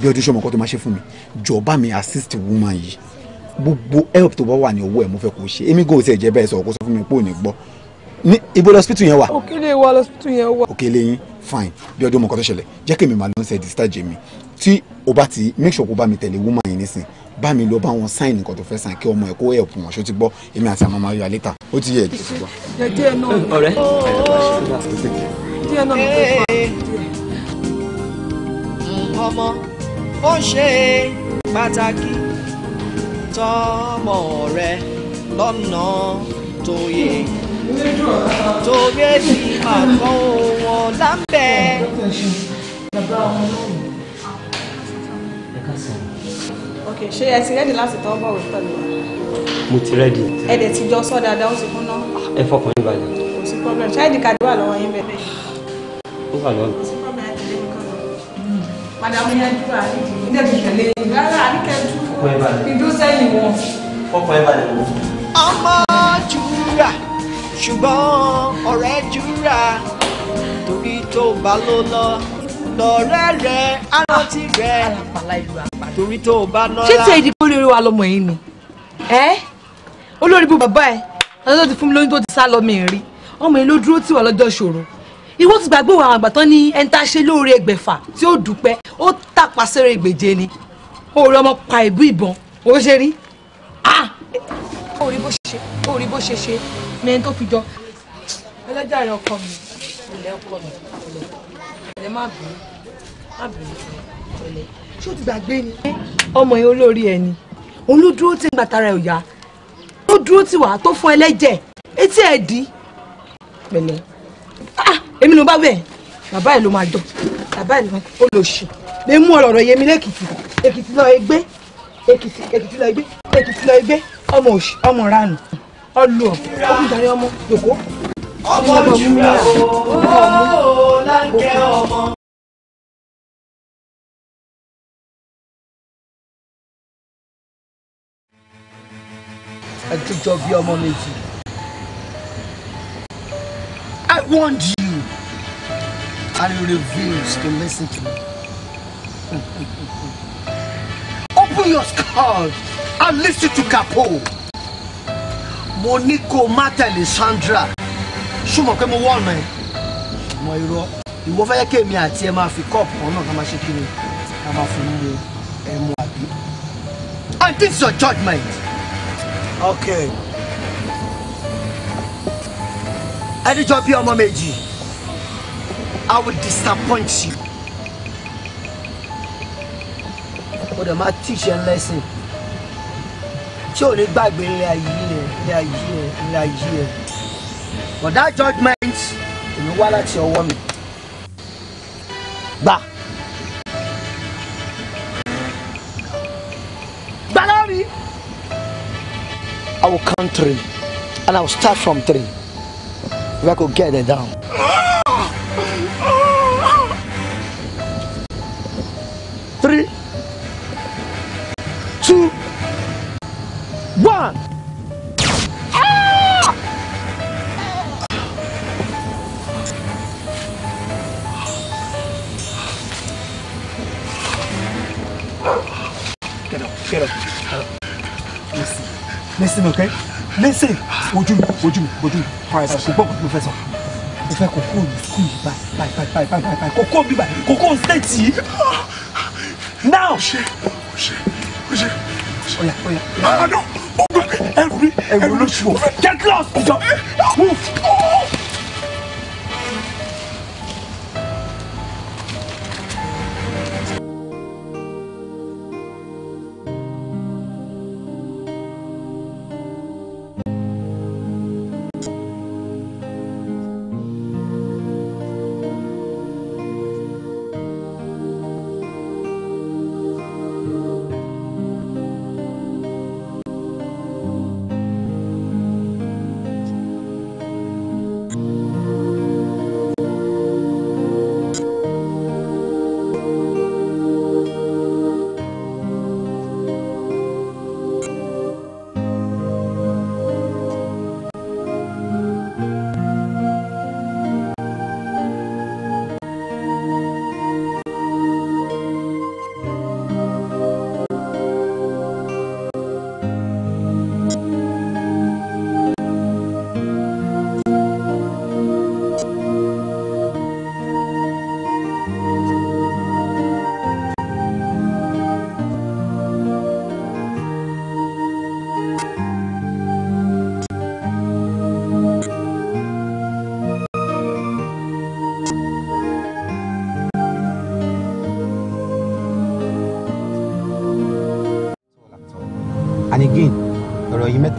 bí ọdún sọmọ kan tó máa ṣe fún mi jọba mi assist woman yìí gbogbo help tó bá wà ní ọwọ́ ẹ̀ mo fẹ́ kó ṣe èmi gòsì ẹ̀jẹ̀ bẹ́ẹ̀ sọ̀rọ̀ kó sọ fún mi pé ò ní gbọ́ ní ibo lọ́sítù yẹn wà.
òkèlè wa lọ́sítù yẹn wà.
òkèlè yín fine bí ọdún mọ̀kọ́ tó ṣẹlẹ̀ jẹ́ kí èmi máa lọ́n ṣe ẹ̀ dìsítà jẹ́ mi tí o bá ti make sure kó bá mi tẹ̀lé woman yìí nísìn bá mi lọ bá wọn sign nǹkan tó fẹ́ sign kí ọmọ ẹ̀ kó help wọn ṣó ti gbọ́ èmi àti àmọ́ máa yọ àlétà ó ti yẹ ẹ̀jẹ̀ ti
ọ̀rẹ́
ẹ̀jẹ̀ ọmọ ó ṣe pàtàkì tọmọ rẹ lọ́nà tó yẹ
torí èyí àkọ́ wọn lábẹ́. ok ṣé ẹ ti rẹ́dì láti tọ́ bọ̀wé pẹ̀lú wa.
mo ti rẹ́dì. ẹ dẹ̀
ti jọ sọ dáadáa ó ti kúná.
ẹ fọkàn yín balẹ̀.
kò sí problem ṣáà ìdí kàdé wà lọ́wọ́ yín bẹ́ẹ̀. ó wà lọ́wọ́. kò sí problem ẹ tẹ̀lé mi kan lọ. madamu yẹn dúró àríkì ilé ti tẹ̀lé yìí rárá àríkẹ́ dúró ìdúró
sẹ́yìn wọn. fọkàn yín balẹ̀ wọ. ọmọ jura ṣùgbọ́n ọ̀rẹ́ jura torí tó bá ló lọ lọ́rẹ́ rẹ̀ arántí rẹ̀ torí tó o bá nọ́ra. ṣé tí
ìdìbò olórí wa lọmọ yìí ni ẹ olórí bu bàbá ẹ ọjọ́ ti fún mi lóyún tó ti sá lọ mi rí ọmọ yìí ló dúró tì wá lọ́jọ́ ìṣòro ìwọ ti gbàgbé àwọn àgbà tán ní ẹni lóore ẹgbẹ̀fà tí ó dúpẹ́ ó tàpá sẹ́rẹ̀ ìgbèje ni òòrè ọmọ pa ìbú ìbọn ó ṣe rí òòrè bó ṣe ṣe òòrè bó ṣe ṣe ní ẹni tó fi jọ ẹlẹ́jà rẹ̀ ọkọ mi ilẹ̀ ọkọ mi ilẹ̀ má bínú
ṣé
o ti gbàgbé ni. ọmọ yẹn olórí ẹ ni òun ló dúró tí ń gbàtara ẹ̀ ọ̀yá ló dúró tì wá tó fún ẹlẹ́jẹ̀ etí ẹ̀ dí pẹ̀lẹ́ ah, èmi ló bá bẹ̀ bàbá ẹ̀ ló máa dọ̀ bàbá ẹ̀ ló lò ṣe lè mú ọ̀rọ̀ yẹmi lẹ́kìtì èkìtì lọ ẹgbẹ́ èkìtì èkìtì lọ ẹgbẹ́ èkìtì lọ ẹgbẹ́ ọmọ òṣì ọmọ ranù ọlù ọ ọkùnrin ọmọ yòókó.
ọmọ ìṣúra o láǹkẹ́ ọmọ. ẹ jíjọ bí ọmọ méjì.
I warned you and you refused to listen to me. Open your skull
and listen to Kapo. Mo ní kó má tẹ̀lé Sandra. Ṣùgbọ́n pé mo wọ̀ ọ̀nà ẹ̀. Mo irọ́ ìwọ fẹ́ kí èmi àti ẹ máa fi kọ́ọ̀pù kan
náà ká máa ṣe kiri ká máa fún mi ẹ mú àbí. And this is your judgement okay
ẹni jọ bí ọmọ méjì i will disappoint you
o dẹ̀ máa teach ẹ lesson tí ò ní gbàgbé ilé ayé ẹ ilé ayé ẹ ilé ayé ẹ but that judgement èmi wá láti ọwọ́ mi gbà.
I will count three, and I will start from three. If
I could get it down.
listen okay listen ojú mi ojú mi ojú mi alright kò gbọ́ kò fẹ́ sọ mo fẹ́ kò kó mi kú yìí báyìí báyìí báyìí báyìí báyìí kò kó mi báyìí kò kó state yìí now. ọ̀ṣẹ́ ọ̀ṣẹ́ ọ̀ṣẹ́ ọ̀yà ọ̀yà. àná ọ̀gbọ̀n ẹ̀rí ẹ̀rí olóṣù get lost ìjọ move.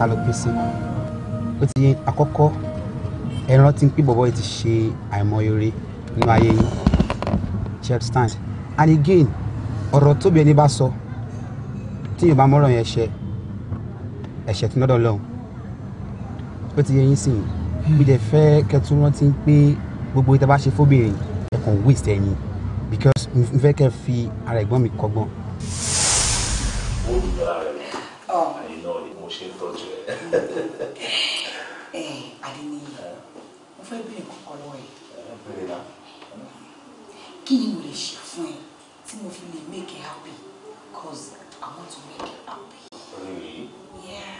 ta ló pín sí ó ti àkọ́kọ́ ẹ rántí pé bọ̀bọ̀ yìí ti ṣe àìmọyore nínú ayé yín she understand and again ọ̀rọ̀ tóbi ẹni bá sọ tí yorùbá mọ́rọ̀ yẹn ṣe ẹ̀ṣẹ̀ tí lọ́dọ̀ lọ́hùn ó ti yẹ yín sìn bí dẹ̀ fẹ́ kẹtù rántí pé gbogbo ìta bá ṣe fóbìnrin ẹ̀kan waste ẹ̀yìn because n fẹ́ kẹ́ fi ara ẹ̀gbọ́n mi kọ́gbọ́n
fẹ́ bẹ̀rẹ̀ kọ̀kọ́ lọ ẹ̀. ẹ bẹ̀rẹ̀ la. kí ni mo
lè ṣe fún ẹ tí mo fi lè make you happy cause I want to make you happy. Really?
Yeah.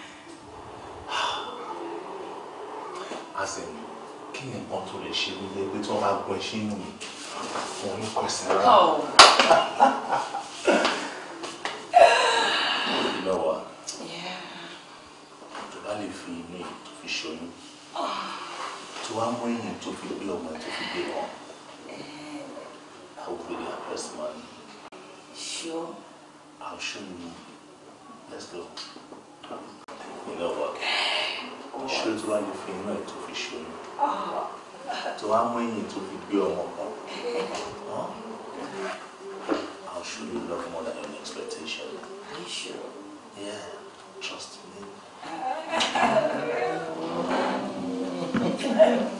àṣẹ kí ni nǹkan tó lè ṣe nílé pé tí wọ́n bá gbọ́ ẹ ṣe nù mí òun ní kọ̀ọ̀sẹ̀ rárá. fi ojú ọmọ tó fi gbé wọn. I will really impress
man. Sure. I'll show you. Let's go.
You know what? Ṣé tí wàá lè fi inú ẹ̀ tó fi ṣe oyún? Tó wàá mú ẹ̀yìn tó fi I'll show you love more than your expectation. Are you sure? Yeah, trust me.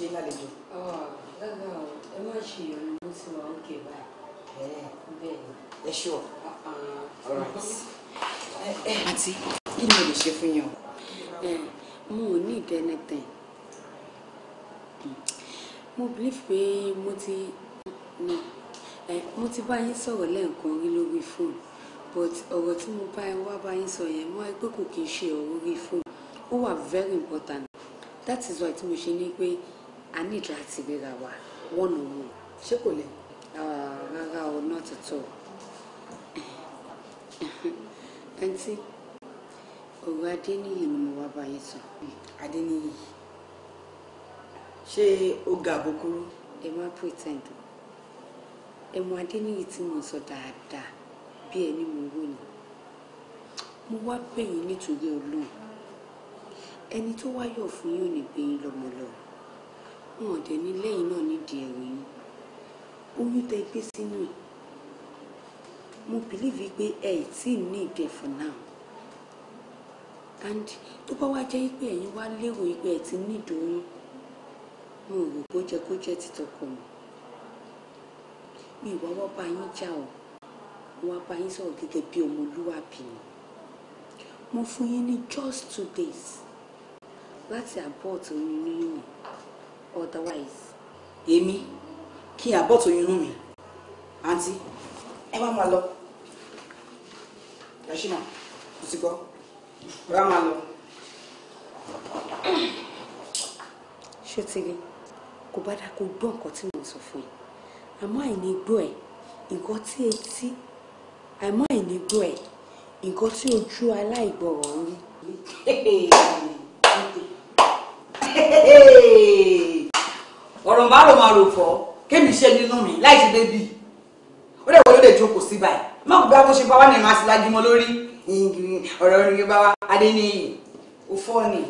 ṣe lálejò. lágbà ẹ má ṣe ìrìn mo ti wà òkè báyìí. bẹ́ẹ̀ ni. ẹ ṣọ. Uh-uh. Eh, eh. àǹtí kí ni mo lè ṣe fún yín o. Eh, mo ò ní ìdẹ́nẹ́tẹ̀ mo believe pé mo ti mo ti bá yín sọ̀rọ̀ lẹ́ẹ̀kan rí lórí fóònù but ọ̀rọ̀ tí mo bá wá bá yín sọ yẹn mo wáyé pé kò kí n ṣe ọ̀rọ̀ orí fóònù ó wà very important that is why tí mo ṣe ní pé a ní ìdí àti ìgbéra wa one on one ṣé kò lè ah, rárá o not at all àǹtí ọ̀rọ̀ adéníyì ni mo wá bá yín sọ. adéníyì ṣé ó ga àbókúrú. ẹ má pretend ẹ mọ adéníyì tí mo sọ dáadáa bí ẹni mo wò ni mo wá bẹ̀ yín nítorí ọlọ́run ẹni tó wáyọ̀ fún yín ní gbé yín wọn dẹ̀ ní lẹ́yìn náà nídìí ẹ̀rọ yìí oyún tẹ gbé sínú ẹ̀ mo bìlíìfì pé ẹ ì tí ì ní ìdẹ for now and tó bá wá jẹ́ pé ẹ̀yin wá lérò pé ẹ ti ní ìdòyún mo rò bó jẹ kó jẹ́ títọkọ mi mi ìwà wá bá yín jà o mo wá bá yín sọ̀rọ̀ gẹ́gẹ́ bí ọmọlúwàbí ni mo fún yín ní just two days láti abort oyún yín otherwise èmi kí n àbọ̀tò inú mi àǹtí ẹ wá máa lọ ẹ ṣì máa kò sí gbọ́ ẹ wá máa lọ. ṣé ti rí kò bá dáa kó mo sọ fún ẹ àmọ́ àìní gbọ́ ẹ nǹkan tí etí àmọ́ àìní gbọ́ ẹ nǹkan tí ojú aláìgbọràn ń
rí. máa rò fọ́ kémi ṣe nínú mi láì ṣe bébì ó dẹ̀ wọ́n ló lè jókòó sí báyìí má kò bí a kò ṣe bá wà ní ìmọ̀ àti lájúmọ́ lórí ọ̀rọ̀ orin bá wa adéníyì ó fọ́ ni.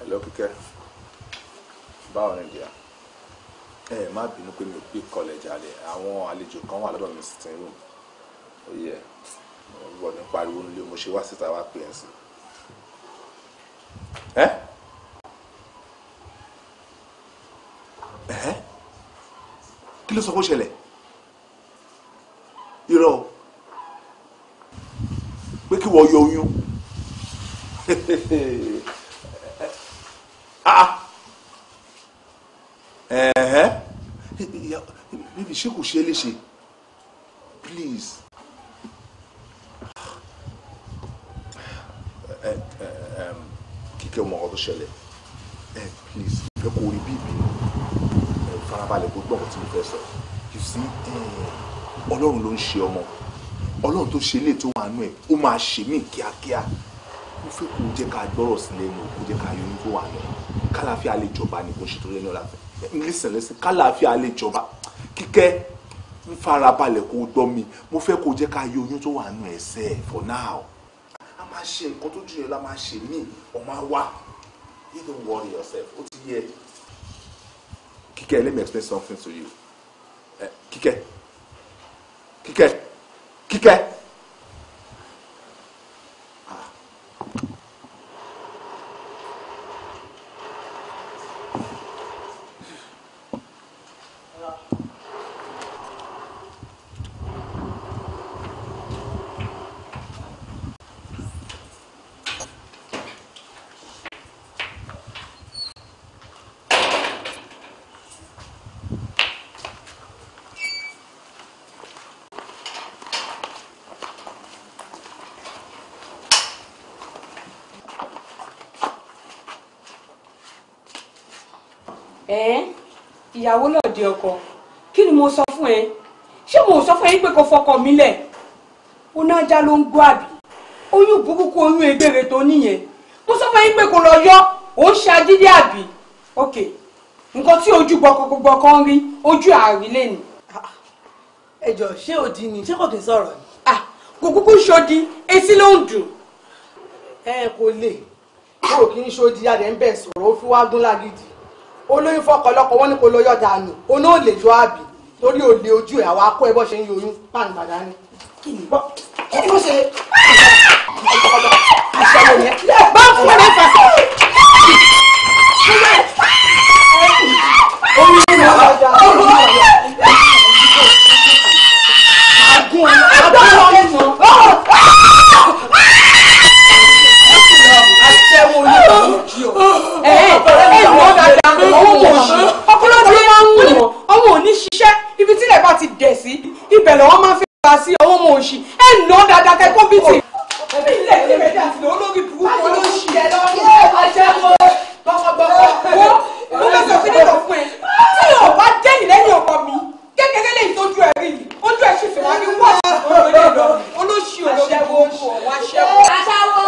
hello kíkẹ́ báwo ni díẹ̀ ẹ má bínú pé mi ò gbé kọlẹ̀ jálẹ̀ àwọn àlejò kan wà lọ́dọ̀ mi sitting room ó yẹ ìwọ ní pariwo nílé mo ṣe wá síta wá pè é sí. ẹ ẹ kí ló sọ pé ó ṣẹlẹ̀ irọ́ o pé kí wọ́n yọ oyún bíbí ṣé kò ṣe é léṣe please kí ọmọ ọkọ tó ṣẹlẹ̀ ẹ please ẹ kò rí bíbí ẹ farabalẹ̀ gbogbo ọkọ tí mo fẹ́ sọ you see ló ń ṣe ọmọ ọlọ́run tó ṣe ilé tó wà nù ẹ ó máa ṣe mí kíákíá mo fẹ́ kó jẹ́ ká gbọ́rọ̀ sí lẹ́nu kó jẹ́ ká yọ ní tó wà nù ẹ lè jọba ni mo ṣe tó lẹ́nu ọ̀la listen listen kálàáfíà lè jọba kíkẹ́ ń farabalẹ̀ kó gbọ́ mi mo fẹ́ kó jẹ́ ká yọ oyún tó wà nù ẹ̀sẹ̀ for now bá ṣe nǹkan tó jù yẹn la máa ṣe mí ọmọ wa you don't worry yourself ó ti yẹ. kíkẹ́ let me explain something to you eh, kíkẹ́ kíkẹ́ kíkẹ́.
ẹ ìyàwó náà di ọkọ kí ni mo sọ fún ẹ ṣé mo sọ fún ẹ pé kò fọkọ mi lẹ̀ onájà ló ń gbọ́ àbí oyún burúkú oyún egbèrè tó níyẹn mo sọ fún ẹ pé kò lọ yọ ò ń ṣe ajídé àbí ok nǹkan tí ojú gbọkọgbọkọ ń rí ojú àárín lẹ́nu. ẹ jọ ṣé òdì ni ṣé kò kí n sọ̀rọ̀ ni. Ah, kò kúkú ṣodi etí ló ń dùn. ẹ kò lè kúrò kí n ṣodi adẹ̀ ń bẹ̀ sọ̀rọ̀ ó fi wá gún lágídí olóyún fọkànlọkọ wọn ní kò lọ yọ dànù oná ò lè yọ àbí torí ò lè ojú ẹ àwọn akọ ẹ bọ ṣe ń yọyún pàǹgbà dání. kí ni bọ́ ẹ ló ṣe ìṣẹ̀lẹ̀ yẹn.
fún mi fàṣẹ. omi
owó kò ṣe
ọpọlọ tí wọn ń wọ ọmọ ò ṣiṣẹ́ ibi tí lẹba ti dẹ sí ibẹ̀ lọ́wọ́ máa ń fi gbà sí ọwọ́ ọmọ òṣì ẹ nà án dáadáa kẹ kọmpìtì. ẹbí ilé ilé rẹ dà sílẹ̀ olórí burúkú olóṣì ẹ lọ ní ajẹmọ gbọmọgbọmọ mo fẹ́ sọ fídíò kan fún ẹ tí yóò bá dẹ́yìn lẹ́yìn ọkọ mi kékeré lẹ́yìn tójú ẹ rí ojú ẹ ṣì fẹ́ wá ní wọ́ọ̀sì olóṣì olóṣì olóṣì burúkú ọ̀wá ṣẹ́wó.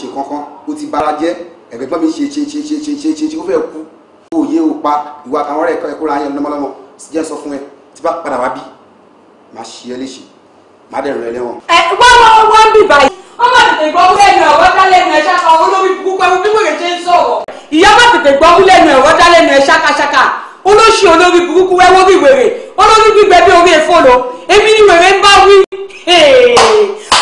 ṣe kankan ó ti bára jẹ́ ẹ̀gbẹ́gbọ́n mi ṣe ṣe ṣe ṣe ṣe ṣe ó fẹ́ kú òye ò pa ìwà àtàwọn ọ̀rẹ́ ẹ̀kúra yẹn lọ́mọlọ́mọ jẹ́ sọ fún ẹ tí bá padà wá bí máa ṣe ẹ léṣe
máa dẹ̀ rọ ẹ lẹ́wọ̀n. ẹ wọ́n wọ́n wọ́n báyìí wọ́n máa tètè gbọ́ wúlẹ̀ ní ọ̀wọ́ dálẹ̀ ní ẹ̀ṣá kan olórí púpọ̀ bí wèrè ṣe ń sọ̀rọ̀. ìyá máa tètè gbọ́ wúlẹ̀ ní ọ̀wọ́ dálẹ̀ ní ẹ̀ṣá kaṣaka olóṣì olórí burúkú wẹ́wọ́ bí wèrè olórí gbígbẹ bí orí èfó lọ èmi ni wèrè ń bá wí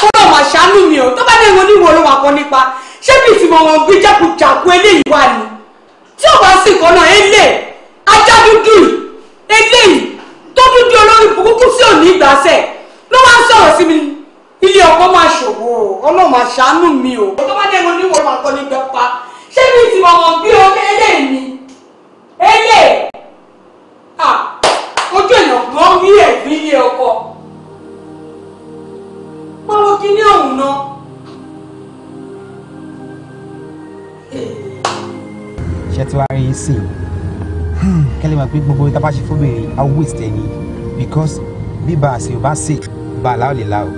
ó lọ mà mi o tó bá dé ronú ìwọ ló wà kọ nípa ṣé bí ìfìmọ̀ wọn gbé jákujàku eléyìí wà ní tí ò bá sì kọ́ náà elé ajá dúdú eléyìí tó dúdú olórí burúkú tí ò ní ìgbàsẹ̀ ló máa ń sọ̀rọ̀ sí mi ilé ọkọ máa ṣòwò ọlọ́run máa ṣàánú mi o tó bá dé ronú ìwọ ló wà kọ nípa pa ṣé bí ìfìmọ̀ wọn gbé orí eléyìí ni elé ah ojú èèyàn gan rí ẹ̀gbín ilé ọkọ pọ́wọ́ kíní ọ̀hún náà.
ṣé tí wàá rí yín sí hmm, kẹ́lẹ́ mọ̀ pé gbogbo ìtàbá ṣe fóbìnrin á waste ẹni because bíbá àṣẹ ò bá ṣe bá a láò lè láò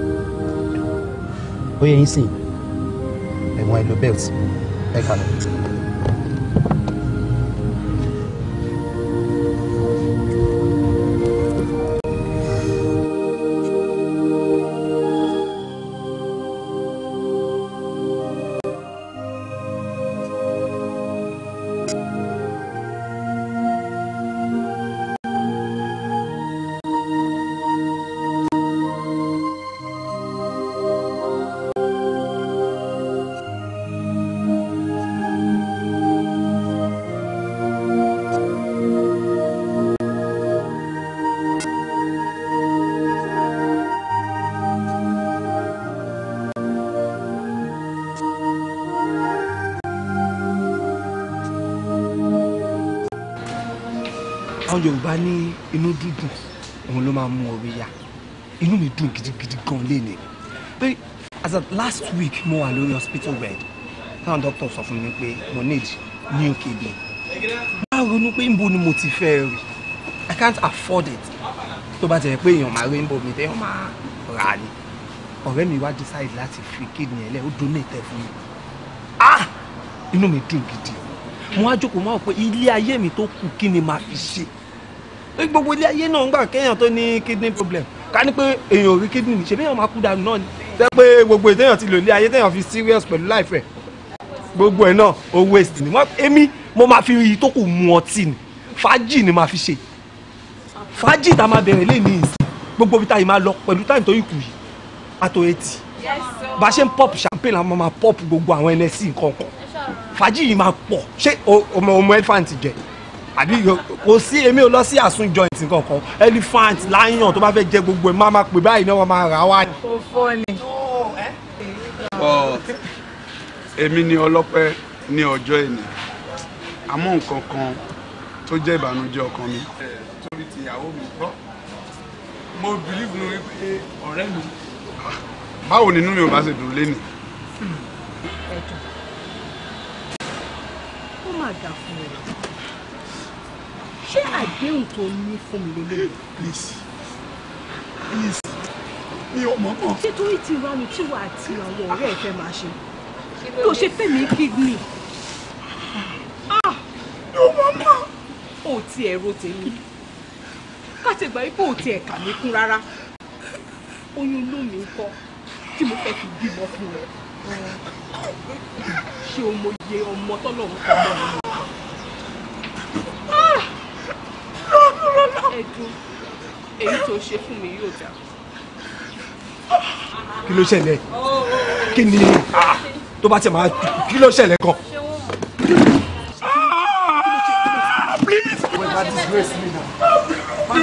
ó yẹ yín sìn ẹ̀wọ̀n ẹ̀ belt ẹ̀ lọ.
inú dúdùn òun ló máa mú orí yá inú mi dùn gidigidi gan léni pé as at last week mo wà lórí hospital bed táwọn doctor sọ fún mi pé mo need new kidney máa ronú pé níbo ni mo ti fẹ́ rí i can't afford it tó bá jẹ́ pé èèyàn máa rí níbo mi téèyàn máa rà á ni ọ̀rẹ́ mi wá decide láti fi kidney ẹlẹ́ ó donate ẹ̀ fún mi ah inú mi dùn gidi mo wá jókòó mo wá pé ilé ayé mi tó kù kí ni màá fi ṣe gbogbo ilé ayé náà ń gbà kéèyàn tó ní kidney problem ká ní pé èèyàn ò rí kidney ní ṣe bí èèyàn máa kú dànù náà ni tẹ́ pé gbogbo èèyàn ti lò ilé ayé téèyàn fi serious pẹ̀lú life rẹ̀ gbogbo ẹ̀ náà ó waste ni èmi mo máa fi iyì tó kù mu ọtí ni fàájì ni màá fi ṣe fàájì tá a máa bẹ̀rẹ̀ lẹ́yìn ìsìn gbogbo bí táyì máa lọ pẹ̀lú táyì tó yìkù yìí àtò etí bá a ṣe ń pop champagne la máa pop gbogbo àwọn ẹnẹsì nǹkan kan fàájì yìí máa pọ̀ ṣé ọmọ elephant jẹ àbí kò sí èmi ò lọ sí àsun joint kankan elephant lion tó bá fẹ́ jẹ gbogbo ẹ̀ máa máa pè báyìí náà wọ́n máa rà wá.
kò fọ́ ni.
èmi ni ọlọ́pẹ́ ní ọjọ́ ẹ̀nì àmọ́ nǹkan kan tó jẹ́ ìbànújẹ́ ọkàn mi. torí ti ìyàwó mi gbọ́ mo bìlíìfù ní wípé ọ̀rẹ́ mi. Ah, báwo ni mi ò bá ṣe dùn lẹ́nu. Hmm.
ó mà dà fún mi
ṣé àdéhùn tó ní fún mi lélẹ́yìn. please please
mi ò mọ̀ mọ̀. ṣé torí ti ranù tí wàá ti àwọn ọ̀rẹ́ ẹ fẹ́ máa ṣe tó ṣe fẹ́ mi kidney. yóò mọ̀ mọ̀. o ti
ẹ̀rọ tèmi kátẹ́gbà yìí kò tiẹ̀ kà mí kún rárá oyún lónìí kọ́ tí mo fẹ́ fi bímọ fún rẹ̀
ṣé o mọ iye ọmọ tọ́lọ́run kọ́ mọ́ mi.
Ah! ẹ̀dùn
kí ló ṣẹlẹ̀ kí ni ah, tó bá tiẹ̀ máa kí ló ṣẹlẹ̀ kan. kí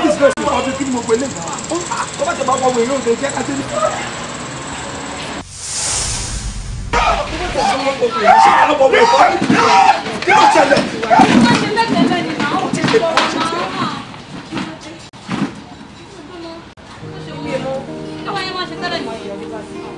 ló ṣẹlẹ̀. 좋았어.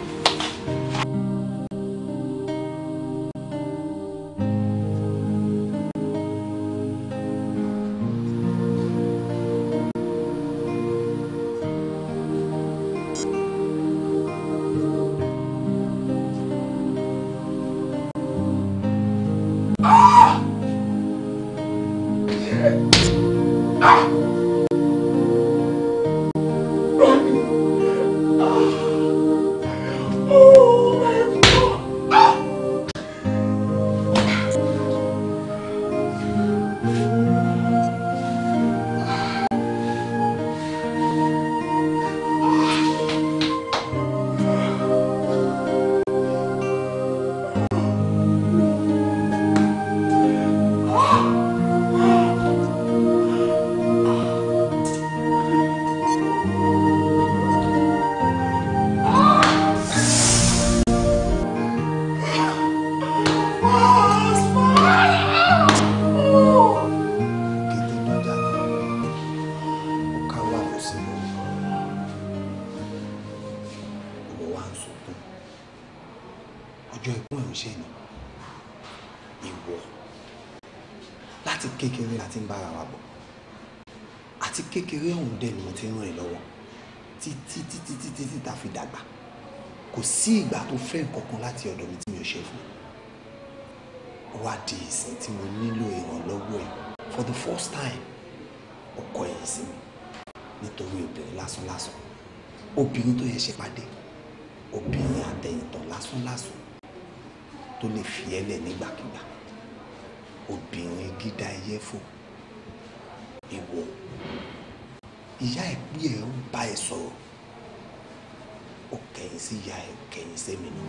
sí ìgbà tó fẹ́ nǹkankan láti ọ̀dọ̀ mi tí mi ò ṣe fún ọ wá di ìsìn tí mo nílò ìrànlọ́wọ́ ẹ̀ for the first time ọkọ ẹ̀yìn sí mi nítorí obìnrin lásánlásán obìnrin tó yẹ ṣe pàdé obìnrin àtẹ̀yìntàn lásánlásán tó lè fi ẹlẹ̀ nígbàkigbà obìnrin gídá ẹyẹ fò ìwọ ìyá ẹ̀ pé ẹ̀ ń bá ẹ sọ̀rọ̀ ó kẹ̀yìn sí ìyá ẹ̀ ó kẹ̀yìn sẹ́mi ni.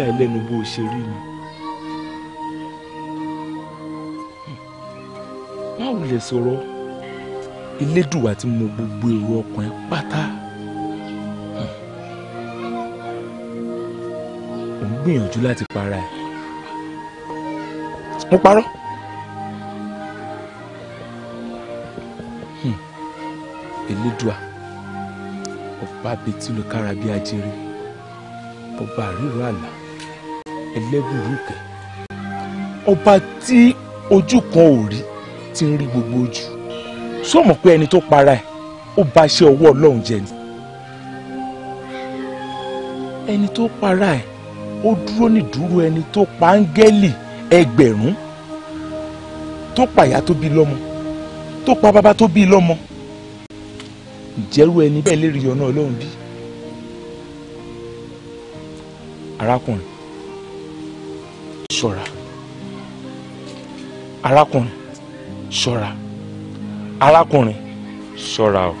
yà ẹ́ lẹ́nu bó o ṣe rí ni. má wulẹ̀ sọ̀rọ̀ elédùwà tí mo gbogbo èrò ọkàn ẹ pátá ò ń gbìyànjú láti para ẹ mo parọ́. Hmm. elédùà ọba abetí ló kára bí ajere ọba àríwá àlà ẹlẹ́bùrúkẹ́ ọba tí ojú kan ò rí ti ń rí gbogbo ojú sọ mọ̀ pé ẹni tó para ẹ̀ ó bà iṣẹ́ ọwọ́ ọlọ́run jẹ́ ni ẹni tó para ẹ̀ ó dúró nídúró ẹni tó pa áńgẹ́lì ẹgbẹ̀rún tó pàyà tó bí lọ́mọ tó pa bàbá tó bí lọ́mọ ìjẹ́rú ẹni bẹ́ẹ̀ lè rí ọ̀nà ọlọ́run bí arákùnrin ṣọ́ra arákùnrin ṣọ́ra arákùnrin ṣọ́ra o.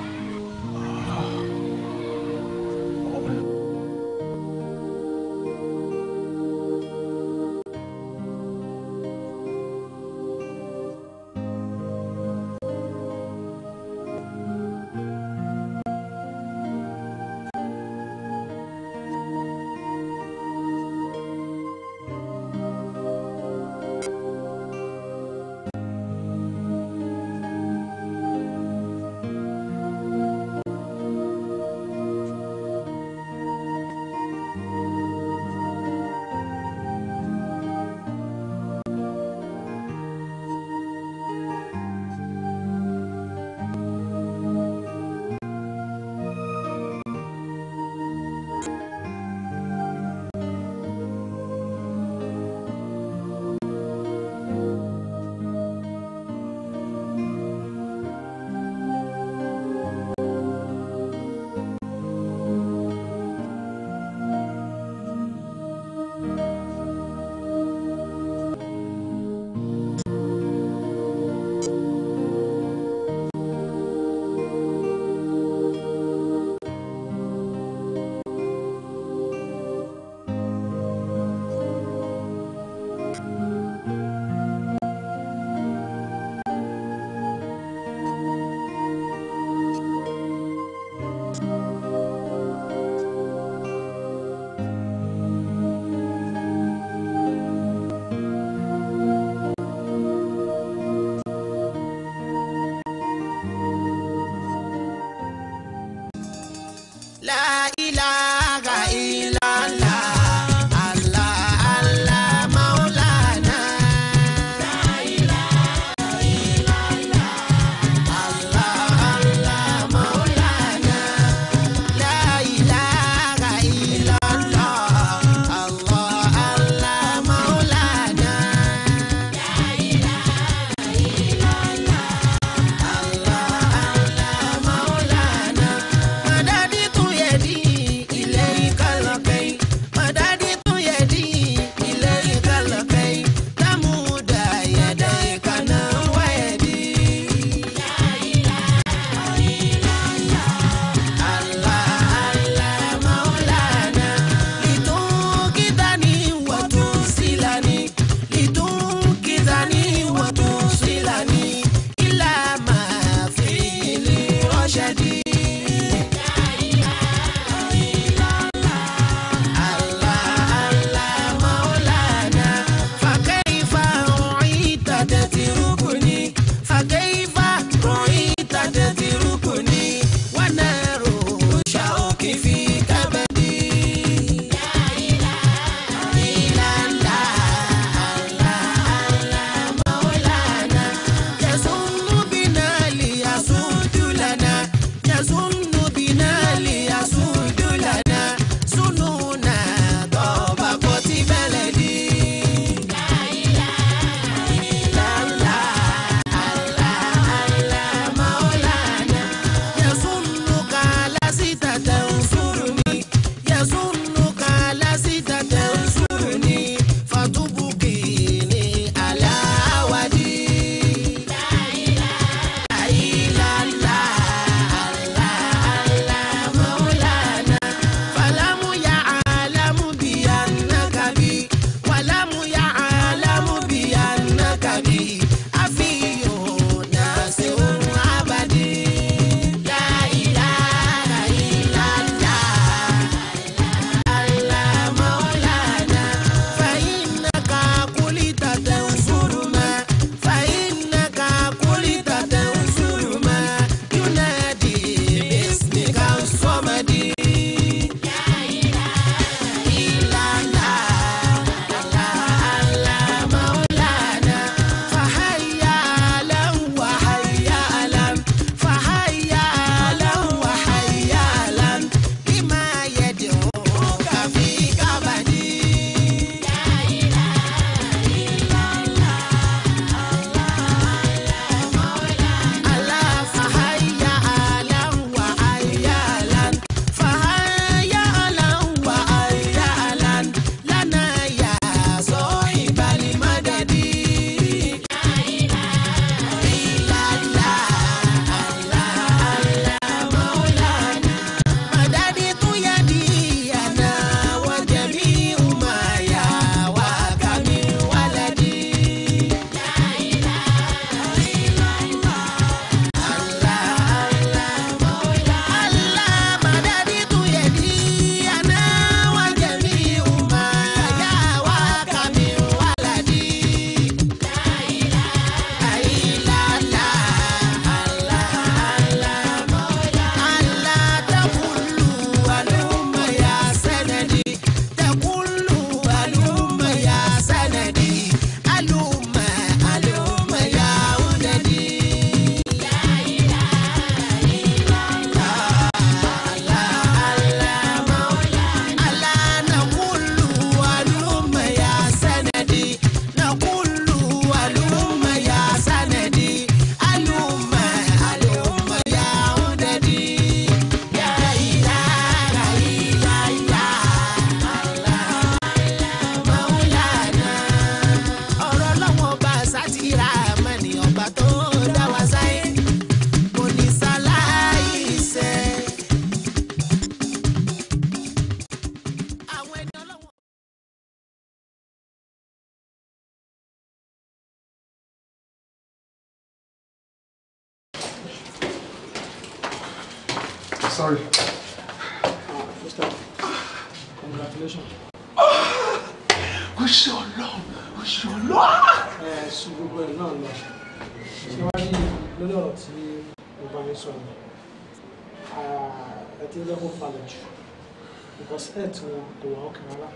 because health wọn kò wá ọkàn rárá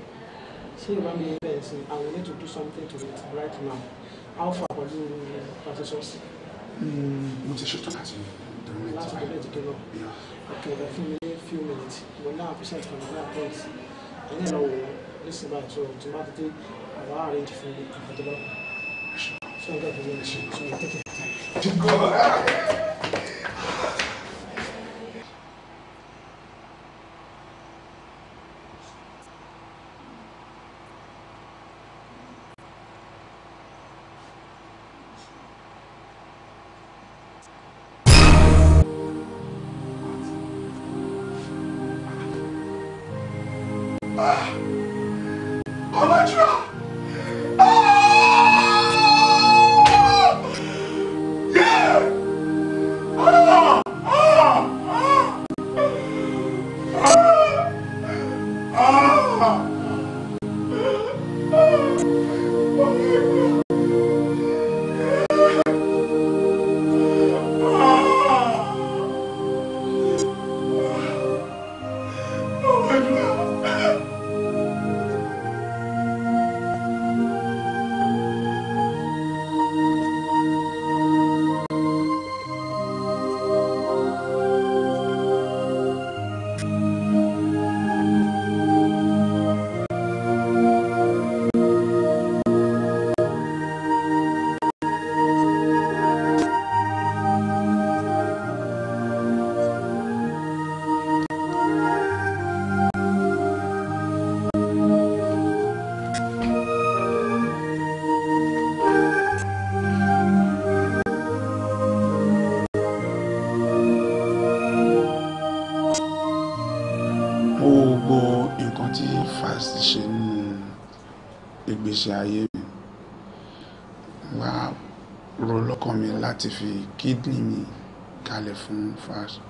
ṣé ìbá mi bẹ́ẹ̀ i will need to do something to it right now how far pẹ̀lú pàṣẹṣọ́sì.
Hmm, mo ti ṣètò láti
láti bẹ̀rẹ̀ ti dọ́lọ́ okay ẹ fún mi ní few minutes mo ní àwọn patient kan ní àpọ́ǹt ẹ̀yìn lọ wò ó lẹ́sìn báyìí tó tí wọ́n ti dé àwọn àárín ti fún mi àfẹ́tọ́lọ́ ṣé ọjọ́ ìdílé ṣe é ṣe é
ìgbésí ayé mi wá ro lọ́kàn mi láti fi kídìnrín kalẹ̀ fún fàṣẹ.